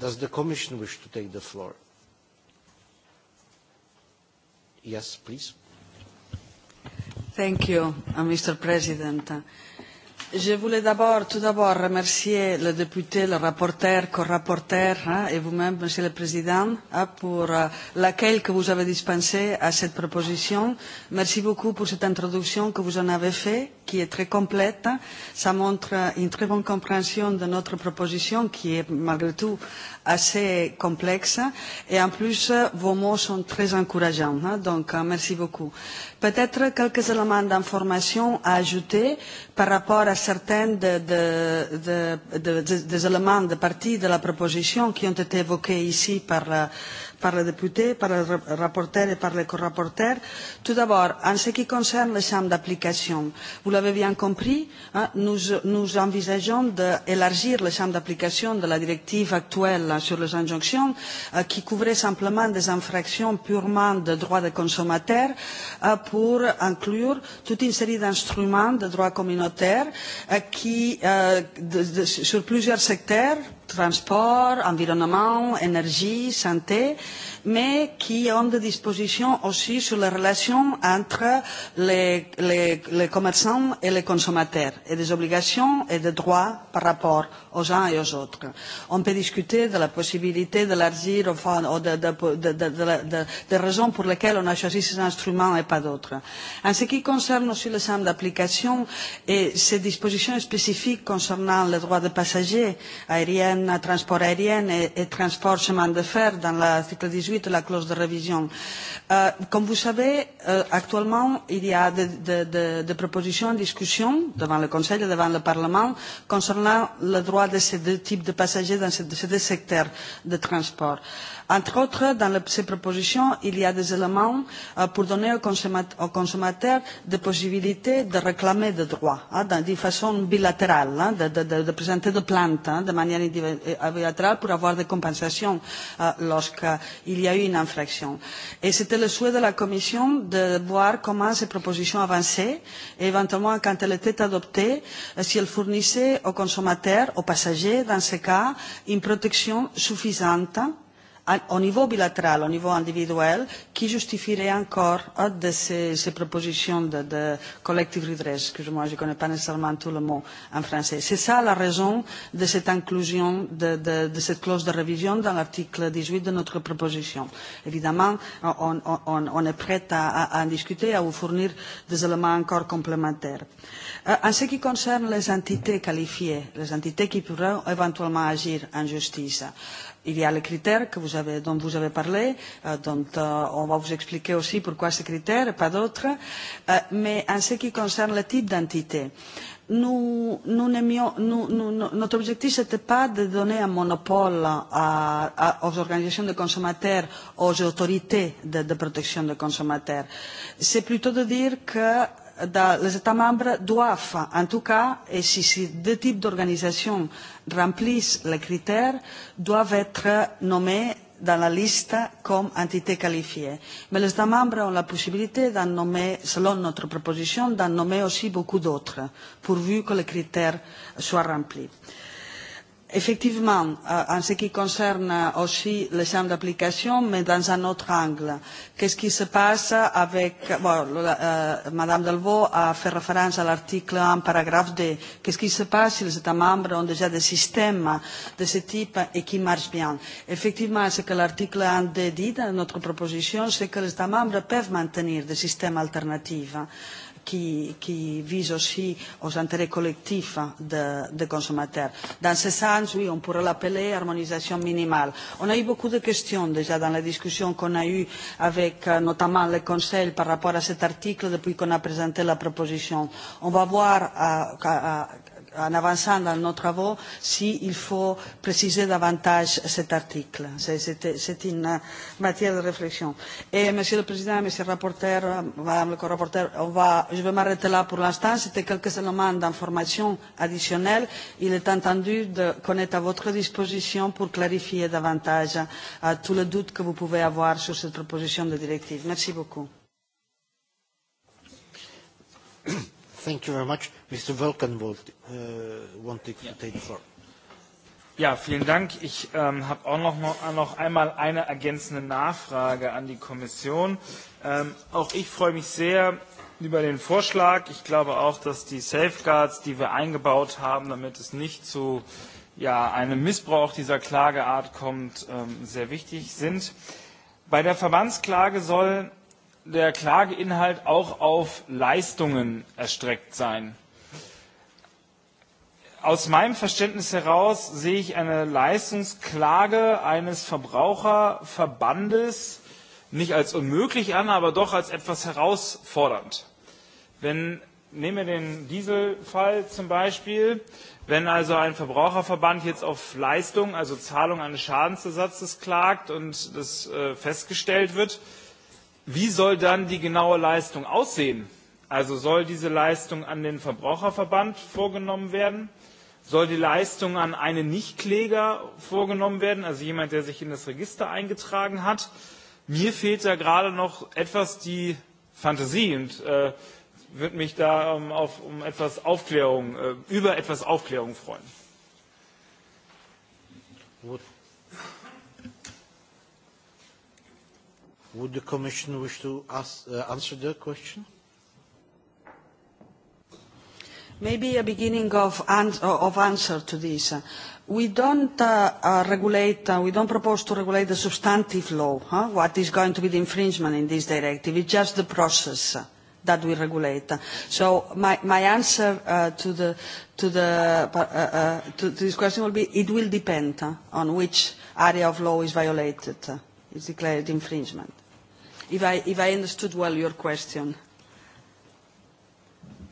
Does the Commission wish to take the floor? Yes, please. Thank you, uh, Mr. President. Je voulais d'abord, tout d'abord, remercier le député, le rapporteur, co-rapporteur hein, et vous-même, Monsieur le Président, hein, pour euh, l'accueil que vous avez dispensé à cette proposition. Merci beaucoup pour cette introduction que vous en avez faite, qui est très complète. Ça montre une très bonne compréhension de notre proposition, qui est malgré tout assez complexe. Et en plus, vos mots sont très encourageants. Hein, donc, euh, merci beaucoup. Peut-être quelques éléments d'information à ajouter par rapport à certains de, de, de, des éléments de partie de la proposition qui ont été évoqués ici par par les députés, par les rapporteurs et par les corapporteurs. Tout d'abord, en ce qui concerne les champs d'application, vous l'avez bien compris, hein, nous, nous envisageons d'élargir les champs d'application de la directive actuelle sur les injonctions euh, qui couvrait simplement des infractions purement de droit des consommateurs euh, pour inclure toute une série d'instruments de droit communautaire euh, qui, euh, de, de, sur plusieurs secteurs transport, environnement, énergie, santé mais qui ont des dispositions aussi sur les relations entre les, les, les commerçants et les consommateurs, et des obligations et des droits par rapport aux uns et aux autres. On peut discuter de la possibilité d'élargir, enfin, ou de, de, de, de, de, de, des raisons pour lesquelles on a choisi ces instruments et pas d'autres. En ce qui concerne aussi le centre d'application et ces dispositions spécifiques concernant les droits des passagers aériens, transport aérien et, et transport chemin de fer dans l'article 18, ensuite la clause de révision. Euh, comme vous savez, euh, actuellement, il y a des de, de, de propositions en discussion devant le Conseil et devant le Parlement concernant le droit de ces deux types de passagers dans ces, ces deux secteurs de transport. Euh, Entre autres, dans ces propositions, il y a des éléments euh, pour donner aux consommateurs, des possibilités de réclamer des droits, hein, d'une façon bilatérale, hein, de, de, de, de présenter des plaintes hein, de manière euh, bilatérale pour avoir des compensations euh, lorsqu'il euh, y a eu une infraction. Et c'était le souhait de la Commission de voir comment ces propositions avançaient et éventuellement, quand elles étaient adoptées, si elles fournissaient aux consommateurs, aux passagers, dans ce cas, une protection suffisante au niveau bilatéral, au niveau individuel, qui justifierait encore de ces, ces propositions de, de collective redress, que moi je ne connais pas nécessairement tout le mot en français. C'est ça la raison de cette inclusion, de, de, de cette clause de révision dans l'article 18 de notre proposition. Évidemment, on, on, on est prêt à, à, à en discuter, à vous fournir des éléments encore complémentaires. Euh, en ce qui concerne les entités qualifiées, les entités qui pourraient éventuellement agir en justice, il y a les critères que vous avez, dont vous avez parlé, euh, dont euh, on va vous expliquer aussi pourquoi ces critères, et pas d'autres. Euh, mais en ce qui concerne le type d'entité, nous, nous aimions, nous, nous, no, notre objectif n'était pas de donner un monopole à, à, aux organisations de consommateurs, aux autorités de, de protection des consommateurs. C'est plutôt de dire que les États membres doivent, en tout cas, et si ces deux types d'organisations remplissent les critères, doivent être nommés dans la liste comme entité qualifiée. Mais les États membres ont la possibilité d'en nommer, selon notre proposition, d'en nommer aussi beaucoup d'autres, pourvu que les critères soient remplis. Effectivement, euh, en ce qui concerne aussi les champs d'application, mais dans un autre angle. Qu'est-ce qui se passe avec... Bon, euh, Madame Delvaux a fait référence à l'article 1, paragraphe 2. Qu'est-ce qui se passe si les États membres ont déjà des systèmes de ce type et qui marchent bien Effectivement, ce que l'article 1 dit dans notre proposition, c'est que les États membres peuvent maintenir des systèmes alternatifs qui, qui vise aussi aux intérêts collectifs des de consommateurs. Dans ce sens, oui, on pourrait l'appeler harmonisation minimale. On a eu beaucoup de questions déjà dans la discussion qu'on a eue avec euh, notamment le Conseil par rapport à cet article depuis qu'on a présenté la proposition. On va voir à, à, à en avançant dans nos travaux s'il faut préciser davantage cet article. C'est une matière de réflexion. Et Monsieur le Président, Monsieur le rapporteur, Madame le Corapporteure, je vais m'arrêter là pour l'instant. C'était quelques éléments d'information additionnels. Il est entendu qu'on est à votre disposition pour clarifier davantage euh, tous les doutes que vous pouvez avoir sur cette proposition de directive. Merci beaucoup. Thank you very much. Mr. Welken uh, wanted to take the floor. Ja, vielen Dank. Ich ähm, habe auch noch, noch, noch einmal eine ergänzende Nachfrage an die Kommission. Ähm, auch ich freue mich sehr über den Vorschlag. Ich glaube auch, dass die Safeguards, die wir eingebaut haben, damit es nicht zu ja, einem Missbrauch dieser Klageart kommt, ähm, sehr wichtig sind. Bei der Verbandsklage soll der Klageinhalt auch auf Leistungen erstreckt sein. Aus meinem Verständnis heraus sehe ich eine Leistungsklage eines Verbraucherverbandes nicht als unmöglich an, aber doch als etwas herausfordernd. Wenn, nehmen wir den Dieselfall zum Beispiel, wenn also ein Verbraucherverband jetzt auf Leistung, also Zahlung eines Schadensersatzes klagt und das äh, festgestellt wird, Wie soll dann die genaue Leistung aussehen? Also soll diese Leistung an den Verbraucherverband vorgenommen werden? Soll die Leistung an einen Nichtkläger vorgenommen werden, also jemand, der sich in das Register eingetragen hat? Mir fehlt da gerade noch etwas die Fantasie und äh, würde mich da ähm, auf, um etwas Aufklärung, äh, über etwas Aufklärung freuen. Gut. Would the Commission wish to ask, uh, answer the question? Maybe a beginning of, an of answer to this. We don't uh, uh, regulate, uh, we don't propose to regulate the substantive law, huh? what is going to be the infringement in this directive. It's just the process that we regulate. So my, my answer uh, to, the, to, the, uh, uh, to, to this question will be it will depend uh, on which area of law is violated, uh, is declared infringement if I, if I understood well your question.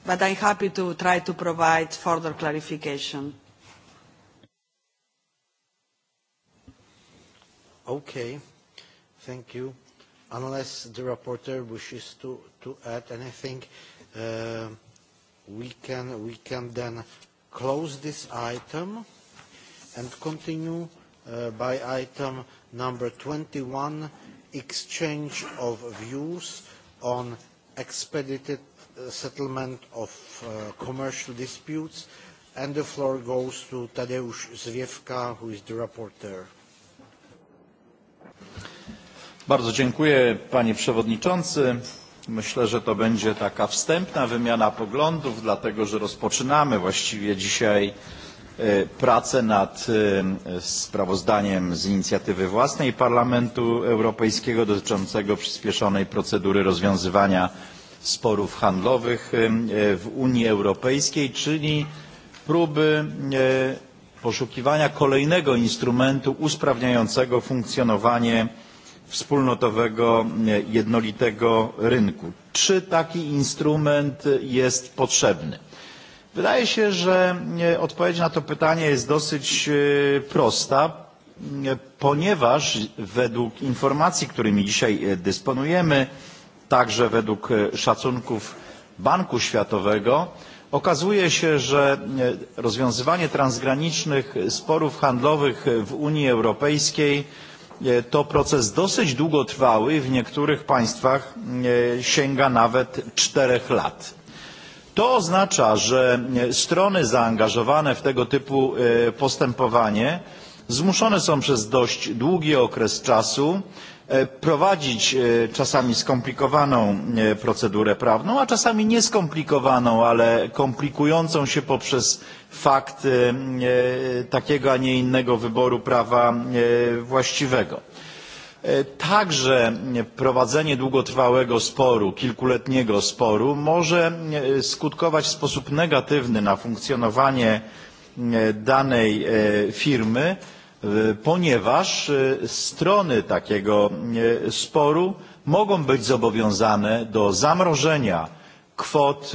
But I'm happy to try to provide further clarification. Okay. Thank you. Unless the reporter wishes to, to add anything, uh, we, can, we can then close this item and continue uh, by item number 21, exchange of views on expedited uh, settlement of uh, commercial disputes and the floor goes to Tadeusz Zwiewka, who is the rapporteur. Bardzo dziękuję panie przewodniczący. Myślę, że to będzie taka wstępna wymiana poglądów, dlatego że rozpoczynamy właściwie dzisiaj E, prace nad e, sprawozdaniem z inicjatywy własnej Parlamentu Europejskiego dotyczącego przyspieszonej procedury rozwiązywania sporów handlowych e, w Unii Europejskiej, czyli próby poszukiwania kolejnego instrumentu usprawniającego funkcjonowanie wspólnotowego, jednolitego rynku. Czy taki instrument jest potrzebny? Wydaje się, że e, odpowiedź na to pytanie jest dosyć e, prosta, e, ponieważ według informacji, którymi dzisiaj dysponujemy, także według szacunków Banku Światowego, okazuje się, że rozwiązywanie transgranicznych sporów handlowych w Unii Europejskiej to proces dosyć długotrwały, i w niektórych państwach sięga nawet czterech lat to oznacza, że e, strony zaangażowane w tego typu e, postępowanie zmuszone są przez dość długi okres czasu e, prowadzić czasami skomplikowaną procedurę prawną, a czasami nieskomplikowaną, ale komplikującą się poprzez fakt takiego, a nie innego wyboru prawa właściwego E, także prowadzenie długotrwałego sporu, kilkuletniego sporu może e, skutkować w sposób negatywny na funkcjonowanie e, danej firmy, ponieważ strony takiego sporu mogą być zobowiązane do zamrożenia kwot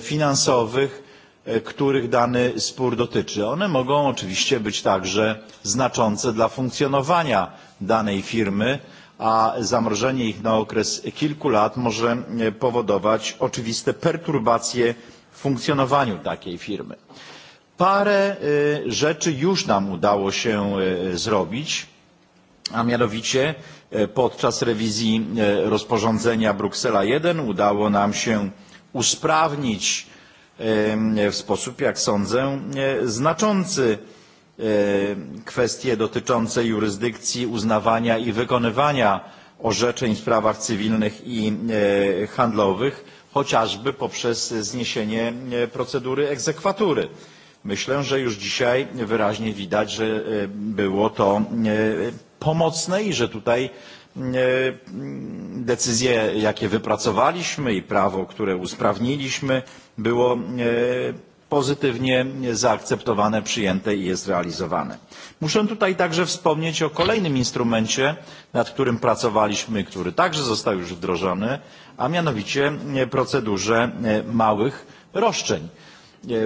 finansowych E, których dany spór dotyczy. One mogą oczywiście być także znaczące dla funkcjonowania danej firmy, a zamrożenie ich na okres kilku lat może e, powodować oczywiste perturbacje w funkcjonowaniu takiej firmy. Parę e, rzeczy już nam udało się zrobić, a mianowicie podczas rewizji rozporządzenia Bruksela I udało nam się usprawnić w sposób, jak sądzę, znaczący e, kwestie dotyczące jurysdykcji uznawania i wykonywania orzeczeń w sprawach cywilnych i e, handlowych, chociażby poprzez zniesienie e, procedury egzekwatury. Myślę, że już dzisiaj wyraźnie widać, że było to pomocne i że tutaj E, decyzje, jakie wypracowaliśmy i prawo, które usprawniliśmy, było e, pozytywnie zaakceptowane, przyjęte i jest realizowane. Muszę tutaj także wspomnieć o kolejnym instrumencie, nad którym pracowaliśmy, który także został już wdrożony, a mianowicie e, procedurze małych roszczeń.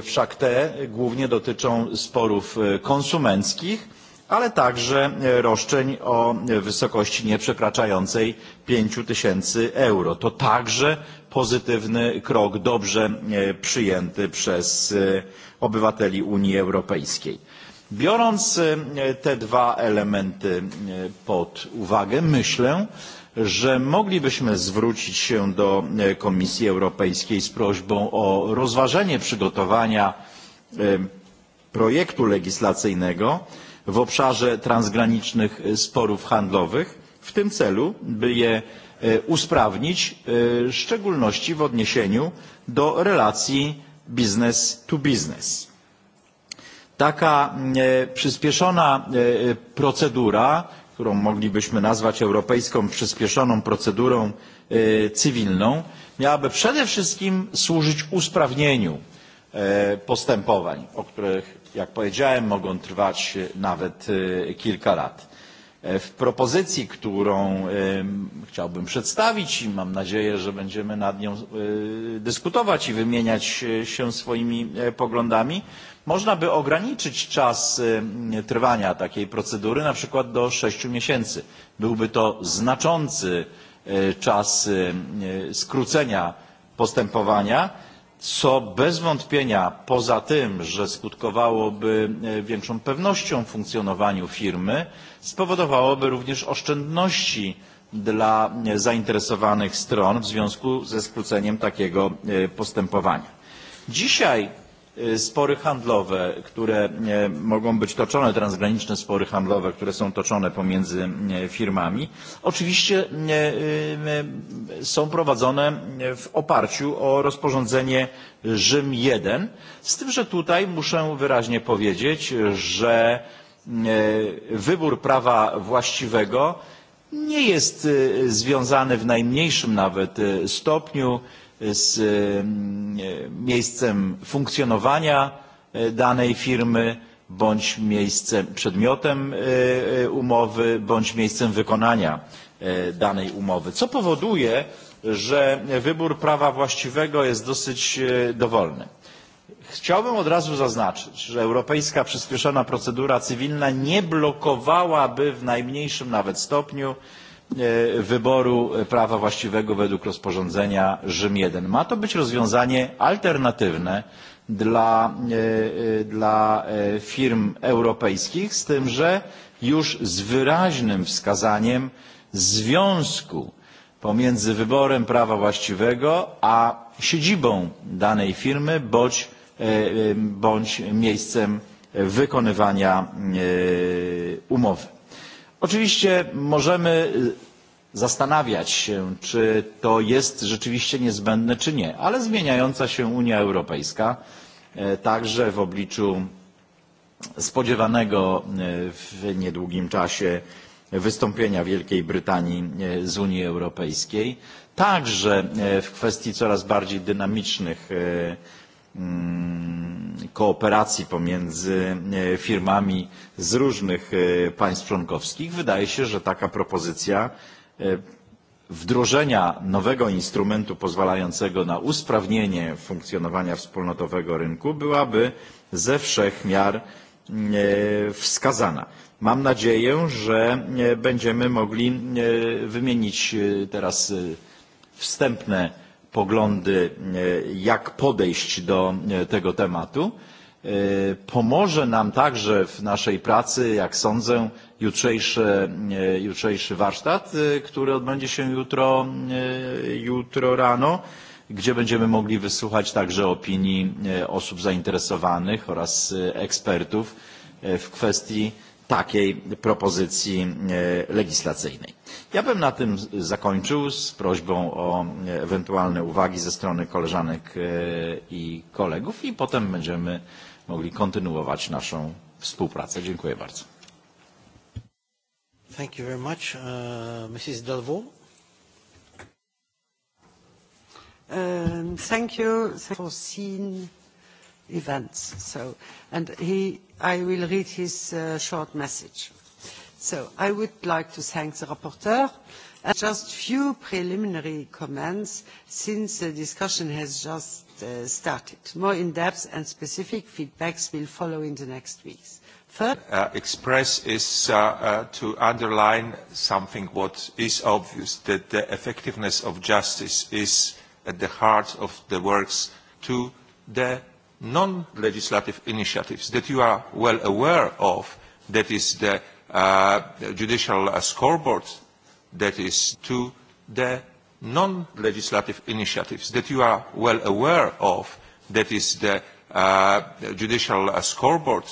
Wszak te głównie dotyczą sporów konsumenckich, ale także e, roszczeń o e, wysokości nieprzekraczającej 5 tysięcy euro. To także pozytywny krok, dobrze e, przyjęty przez obywateli Unii Europejskiej. Biorąc te dwa elementy pod uwagę, myślę, że moglibyśmy zwrócić się do Komisji Europejskiej z prośbą o rozważenie przygotowania projektu legislacyjnego w obszarze transgranicznych e, sporów handlowych w tym celu by je e, usprawnić e, w szczególności w odniesieniu do relacji business to business. Taka przyspieszona procedura, którą moglibyśmy nazwać europejską przyspieszoną procedurą cywilną, miałaby przede wszystkim służyć usprawnieniu postępowań, o których jak powiedziałem, mogą trwać e, nawet e, kilka lat. E, w propozycji, którą chciałbym przedstawić i mam nadzieję, że będziemy nad nią dyskutować i wymieniać się swoimi poglądami, można by ograniczyć czas trwania takiej procedury na przykład do sześciu miesięcy. Byłby to znaczący czas skrócenia postępowania co bez wątpienia poza tym, że skutkowałoby e, większą pewnością w funkcjonowaniu firmy, spowodowałoby również oszczędności dla e, zainteresowanych stron w związku ze skróceniem takiego e, postępowania. Dzisiaj spory handlowe, które e, mogą być toczone, transgraniczne spory handlowe, które są toczone pomiędzy e, firmami, oczywiście e, są prowadzone w oparciu o rozporządzenie Rzym I, z tym, że tutaj muszę wyraźnie powiedzieć, że wybór prawa właściwego nie jest związany w najmniejszym nawet stopniu z e, miejscem funkcjonowania e, danej firmy, bądź miejscem, przedmiotem e, umowy, bądź miejscem wykonania danej umowy, co powoduje, że wybór prawa właściwego jest dosyć dowolny. Chciałbym od razu zaznaczyć, że europejska przyspieszona procedura cywilna nie blokowałaby w najmniejszym nawet stopniu E, wyboru e, prawa właściwego według rozporządzenia Rzym I. Ma to być rozwiązanie alternatywne dla, e, dla firm europejskich, z tym, że już z wyraźnym wskazaniem związku pomiędzy wyborem prawa właściwego a siedzibą danej firmy bądź, bądź miejscem wykonywania umowy. Oczywiście możemy zastanawiać się, czy to jest rzeczywiście niezbędne, czy nie, ale zmieniająca się Unia Europejska, e, także w obliczu spodziewanego e, w niedługim czasie wystąpienia Wielkiej Brytanii e, z Unii Europejskiej, także w kwestii coraz bardziej dynamicznych Mm, kooperacji pomiędzy e, firmami z różnych e, państw członkowskich, wydaje się, że taka propozycja e, wdrożenia nowego instrumentu pozwalającego na usprawnienie funkcjonowania wspólnotowego rynku byłaby ze wszech miar wskazana. Mam nadzieję, że będziemy mogli wymienić teraz wstępne poglądy, e, jak podejść do e, tego tematu. E, pomoże nam także w naszej pracy, jak sądzę, jutrzejszy, jutrzejszy warsztat, który odbędzie się jutro, jutro rano, gdzie będziemy mogli wysłuchać także opinii osób zainteresowanych oraz ekspertów w kwestii takiej propozycji e, legislacyjnej. Ja bym na tym zakończył z prośbą o e, ewentualne uwagi ze strony koleżanek e, i kolegów i potem będziemy mogli kontynuować naszą współpracę. Dziękuję bardzo. Thank you very much. Uh, Mrs. Delvaux. Um, thank you. Thank you events. So, and he, I will read his uh, short message. So I would like to thank the rapporteur. And just few preliminary comments since the discussion has just uh, started. More in-depth and specific feedbacks will follow in the next weeks. First, uh, express is uh, uh, to underline something what is obvious, that the effectiveness of justice is at the heart of the works to the non-legislative initiatives that you are well aware of, that is the uh, judicial uh, scoreboard, that is to the non-legislative initiatives that you are well aware of, that is the uh, judicial uh, scoreboard,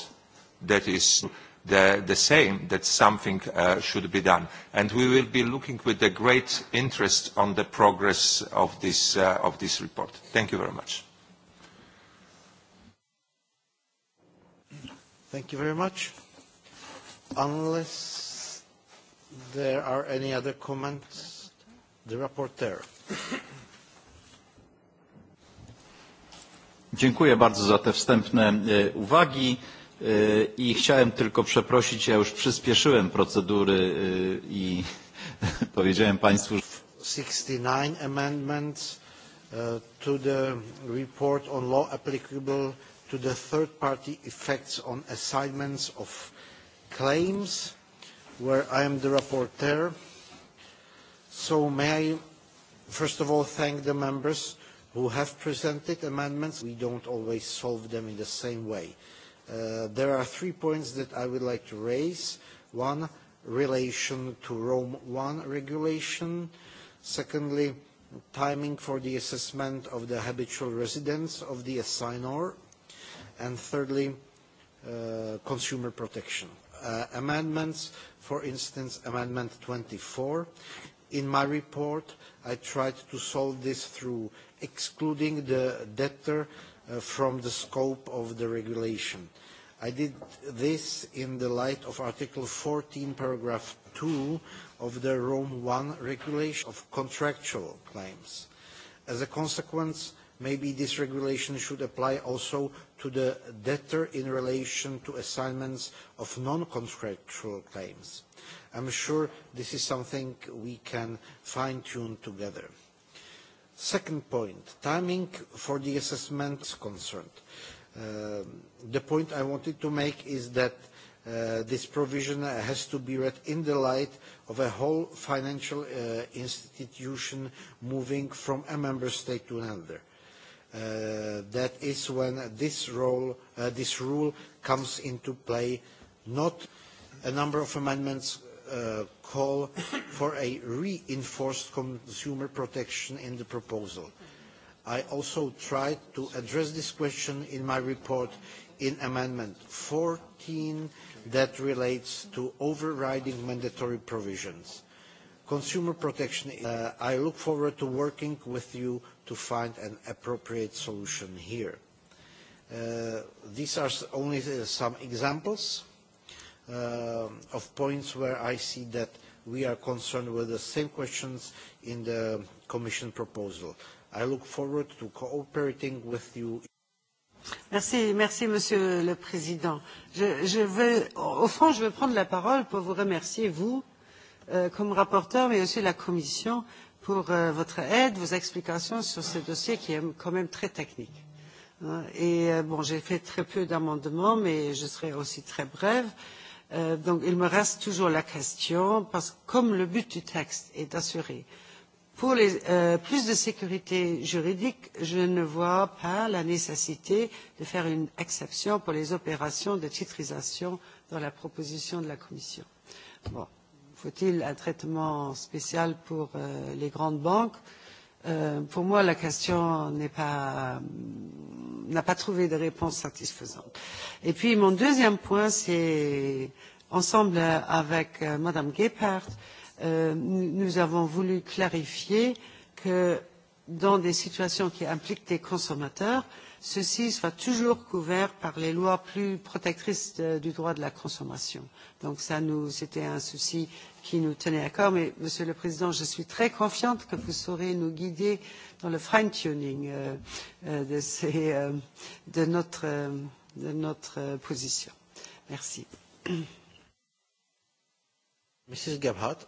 that is the, the same, that something uh, should be done. And we will be looking with the great interest on the progress of this, uh, of this report. Thank you very much. Thank you very much. Unless there are any other comments, the rapporteur. Dziękuję bardzo za te wstępne e, uwagi e, i chciałem tylko przeprosić, ja już przyspieszyłem procedury e, i powiedziałem Państwu, 69 amendments to the report on law applicable to the third-party effects on assignments of claims, where I am the rapporteur. So may I, first of all, thank the members who have presented amendments. We don't always solve them in the same way. Uh, there are three points that I would like to raise. One, relation to Rome I regulation. Secondly, timing for the assessment of the habitual residence of the assignor and thirdly, uh, consumer protection. Uh, amendments, for instance, Amendment 24. In my report, I tried to solve this through excluding the debtor uh, from the scope of the regulation. I did this in the light of Article 14, paragraph 2 of the Rome I regulation of contractual claims. As a consequence, maybe this regulation should apply also to the debtor in relation to assignments of non-contractual claims. I'm sure this is something we can fine-tune together. Second point, timing for the assessments concerned. Uh, the point I wanted to make is that uh, this provision has to be read in the light of a whole financial uh, institution moving from a member state to another Uh, that is when this, role, uh, this rule comes into play. Not a number of amendments uh, call for a reinforced consumer protection in the proposal. I also tried to address this question in my report in Amendment 14 that relates to overriding mandatory provisions. Consumer protection, uh, I look forward to working with you to find an appropriate solution here. Uh, these are only uh, some examples uh, of points where I see that we are concerned with the same questions in the Commission proposal. I look forward to cooperating with you. Merci, merci Monsieur le Président. Je, je veux, au fond, je veux prendre la parole pour vous remercier, vous, euh, comme rapporteur, mais aussi la Commission, pour euh, votre aide, vos explications sur ce dossier qui est quand même très technique. Euh, et euh, bon, j'ai fait très peu d'amendements, mais je serai aussi très brève. Euh, donc, il me reste toujours la question, parce que comme le but du texte est d'assurer pour les, euh, plus de sécurité juridique, je ne vois pas la nécessité de faire une exception pour les opérations de titrisation dans la proposition de la Commission. Bon faut-il un traitement spécial pour euh, les grandes banques euh, Pour moi, la question pas mm, n'a pas trouvé de réponse satisfaisante. Et puis mon deuxième point, c'est ensemble avec euh, Madame Gebhardt, euh, nous avons voulu clarifier que dans des situations qui impliquent des consommateurs, euh, ceci soit toujours couvert par les lois plus protectrices de, du droit de la consommation. Donc ça, c'était un souci qui nous tenait à cœur. Mais Monsieur le Président, je suis très confiante que vous saurez nous guider dans le fine-tuning euh, euh, de, ces, euh, de notre, euh, de notre euh, position. Merci. Mrs. Gebhardt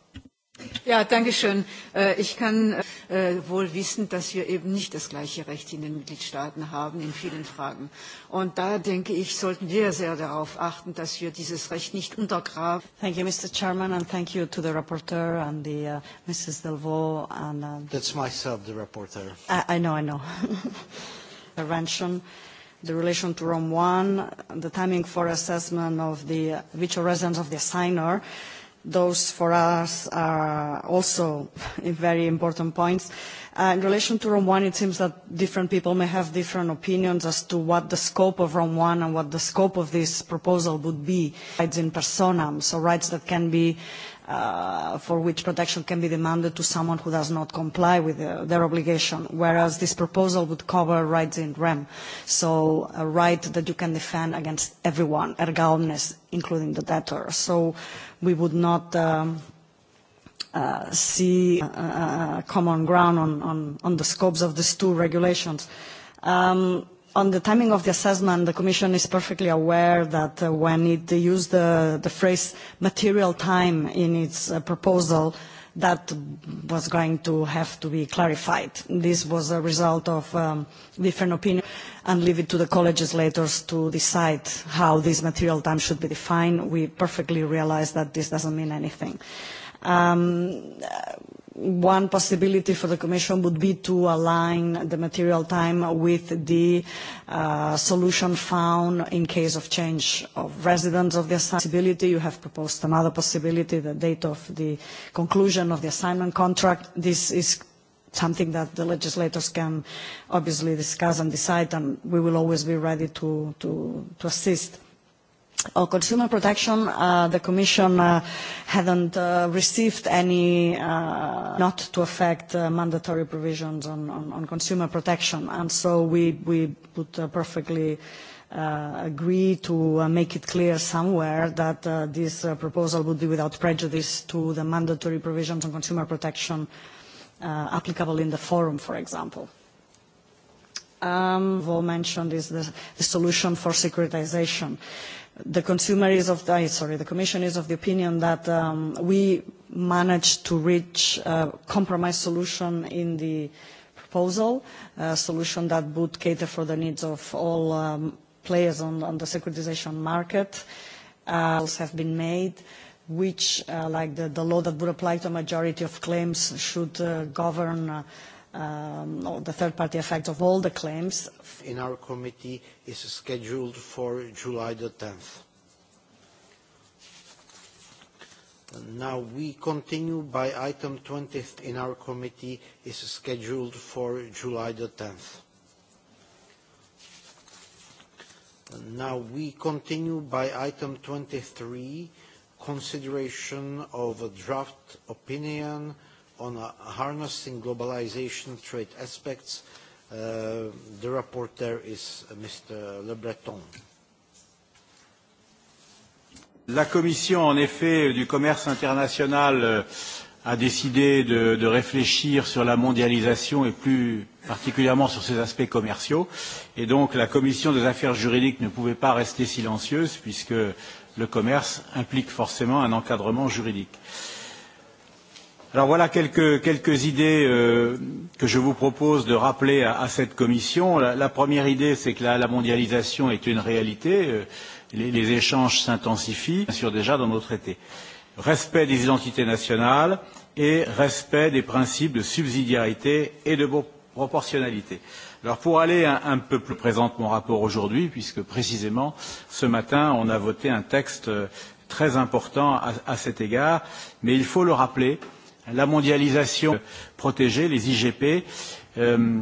danke schön. Äh, ich kann äh, wohl wissen, dass wir eben nicht das gleiche Recht in den Mitgliedstaaten haben in vielen Fragen. Und da denke ich, sollten wir sehr darauf achten, dass wir dieses Recht nicht untergraben. Thank you, Mr. Chairman, and thank you to the rapporteur and the uh, Mrs. Delvaux and. Uh, That's myself, the rapporteur. I, I know, I know. the Ranchon the relation to Rome 1, the timing for assessment of the, which residence of the assigner, those for us are also very important points. Uh, in relation to Rome 1, it seems that different people may have different opinions as to what the scope of Rome 1 and what the scope of this proposal would be. Rights in personam, so rights that can be uh, for which protection can be demanded to someone who does not comply with uh, their obligation, whereas this proposal would cover rights in rem, so a right that you can defend against everyone, erga omnes, including the debtor. So we would not um, uh, see uh, uh common ground on, on, on the scopes of these two regulations. Um, on the timing of the assessment, the Commission is perfectly aware that uh, when it used the, the phrase material time in its uh, proposal, that was going to have to be clarified. This was a result of um, different opinions and leave it to the co-legislators to decide how this material time should be defined. We perfectly realize that this doesn't mean anything. Um, one possibility for the Commission would be to align the material time with the uh, solution found in case of change of residence of the assignment. You have proposed another possibility, the date of the conclusion of the assignment contract. This is something that the legislators can obviously discuss and decide, and we will always be ready to, to, to assist. On consumer protection, uh, the Commission uh, hadn't uh, received any uh, not to affect uh, mandatory provisions on, on, on consumer protection, and so we, we would uh, perfectly uh, agree to uh, make it clear somewhere that uh, this uh, proposal would be without prejudice to the mandatory provisions on consumer protection uh, applicable in the forum, for example um, Vo mentioned is the, the solution for securitization the consumer is of the, sorry, the Commission is of the opinion that um, we managed to reach a compromise solution in the proposal, a solution that would cater for the needs of all um, players on, on the securitization market. Uh, have been made, which, uh, like the, the law that would apply to a majority of claims, should uh, govern uh, Um, or no, the third party effect of all the claims. In our committee is scheduled for July the 10th. Now we continue by item 20 in our committee is scheduled for July the 10th. Now we continue by item 23, consideration of a draft opinion on harnessing globalization trade aspects. Uh, the rapporteur is Mr. Le Breton. La Commission, en effet, du commerce international euh, a décidé de, de réfléchir sur la mondialisation et plus particulièrement sur ses aspects commerciaux. Et donc la Commission des affaires juridiques ne pouvait pas rester silencieuse puisque le commerce implique forcément un encadrement juridique. Euh, Alors voilà quelques, quelques idées euh, que je vous propose de rappeler à, à cette commission. La, la première idée, c'est que la, la mondialisation est une réalité. Euh, les, les échanges s'intensifient, bien sûr déjà dans nos traités. Respect des identités nationales et respect des principes de subsidiarité et de proportionnalité. Alors pour aller un, un peu plus présente mon rapport aujourd'hui, puisque précisément ce matin on a voté un texte euh, très important à, à cet égard, mais il faut le rappeler, euh, la mondialisation protégée, les IGP. Euh,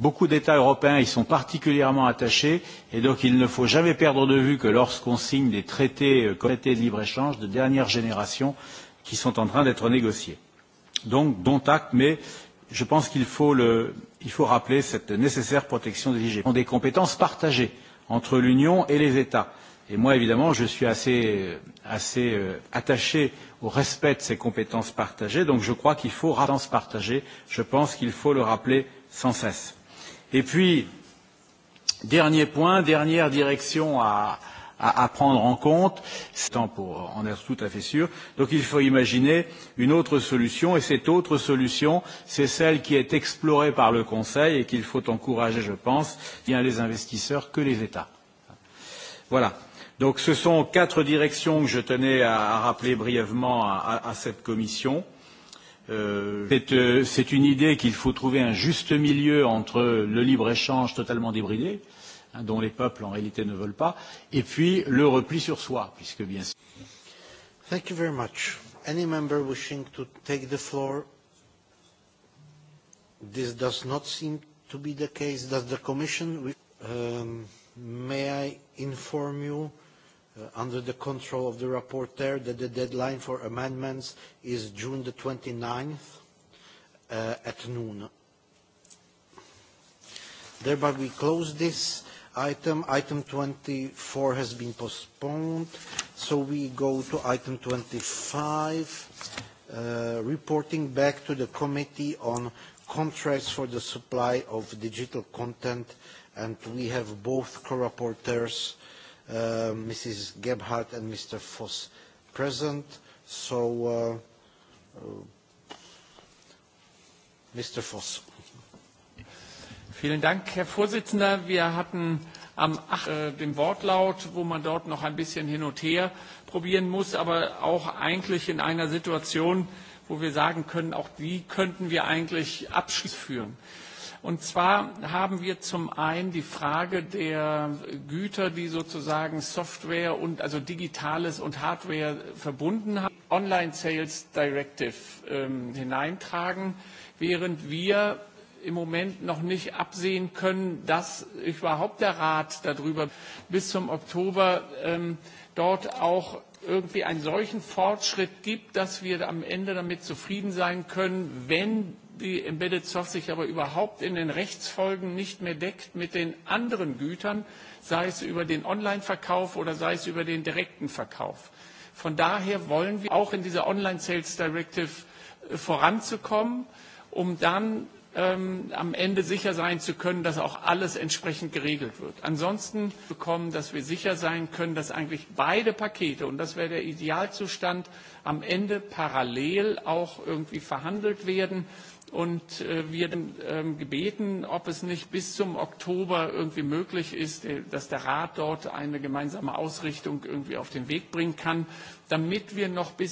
beaucoup d'États européens y sont particulièrement attachés et donc il ne faut jamais perdre de vue que lorsqu'on signe des traités, euh, traités de libre-échange de dernière génération qui sont en train d'être négociés. Donc, dont acte, mais je pense qu'il faut, le, il faut rappeler cette nécessaire protection des IGP. Des compétences partagées entre l'Union et les États. Et moi, évidemment, je suis assez, euh, assez euh, attaché au respect de ces compétences partagées. Donc je crois qu'il faut compétences partagées, je pense qu'il faut le rappeler sans cesse. Et puis, dernier point, dernière direction à, à, à prendre en compte, c'est temps pour en être tout à fait sûr. Donc il faut imaginer une autre solution, et cette autre solution, c'est celle qui est explorée par le Conseil et qu'il faut encourager, je pense, bien les investisseurs que les États. Voilà. Donc ce sont quatre directions que je tenais à, à rappeler brièvement à, à, à cette commission. Euh, c'est euh, une idée qu'il faut trouver un juste milieu entre le libre-échange totalement débridé, hein, dont les peuples en réalité ne veulent pas, et puis le repli sur soi, puisque bien sûr. Thank you very much. Any member wishing to take the floor? This does not seem to be the case. Does the Commission? Um, may I inform you uh, under the control of the rapporteur that the deadline for amendments is June the 29th uh, at noon. Thereby we close this item. Item 24 has been postponed, so we go to item 25, uh, reporting back to the Committee on Contracts for the Supply of Digital Content, and we have both co-rapporteurs Uh, Mrs. Gebhardt and Mr. present. So, uh, uh, Mr. Voss. Vielen Dank, Herr Vorsitzender. Wir hatten am 8. Äh, den Wortlaut, wo man dort noch ein bisschen hin und her probieren muss, aber auch eigentlich in einer Situation, wo wir sagen können, auch die könnten wir eigentlich abschließend führen. Und zwar haben wir zum einen die Frage der Güter, die sozusagen Software und also Digitales und Hardware verbunden haben, Online Sales Directive ähm, hineintragen, während wir im Moment noch nicht absehen können, dass überhaupt der Rat darüber bis zum Oktober ähm, dort auch irgendwie einen solchen Fortschritt gibt, dass wir am Ende damit zufrieden sein können, wenn die Embedded Soft sich aber überhaupt in den Rechtsfolgen nicht mehr deckt mit den anderen Gütern, sei es über den Online-Verkauf oder sei es über den direkten Verkauf. Von daher wollen wir auch in dieser Online Sales Directive äh, voranzukommen, um dann ähm, am Ende sicher sein zu können, dass auch alles entsprechend geregelt wird. Ansonsten bekommen, dass wir sicher sein können, dass eigentlich beide Pakete, und das wäre der Idealzustand, am Ende parallel auch irgendwie verhandelt werden und äh, wir ähm, gebeten, ob es nicht bis zum Oktober irgendwie möglich ist, äh, dass der Rat dort eine gemeinsame Ausrichtung irgendwie auf den Weg bringen kann, damit wir noch bis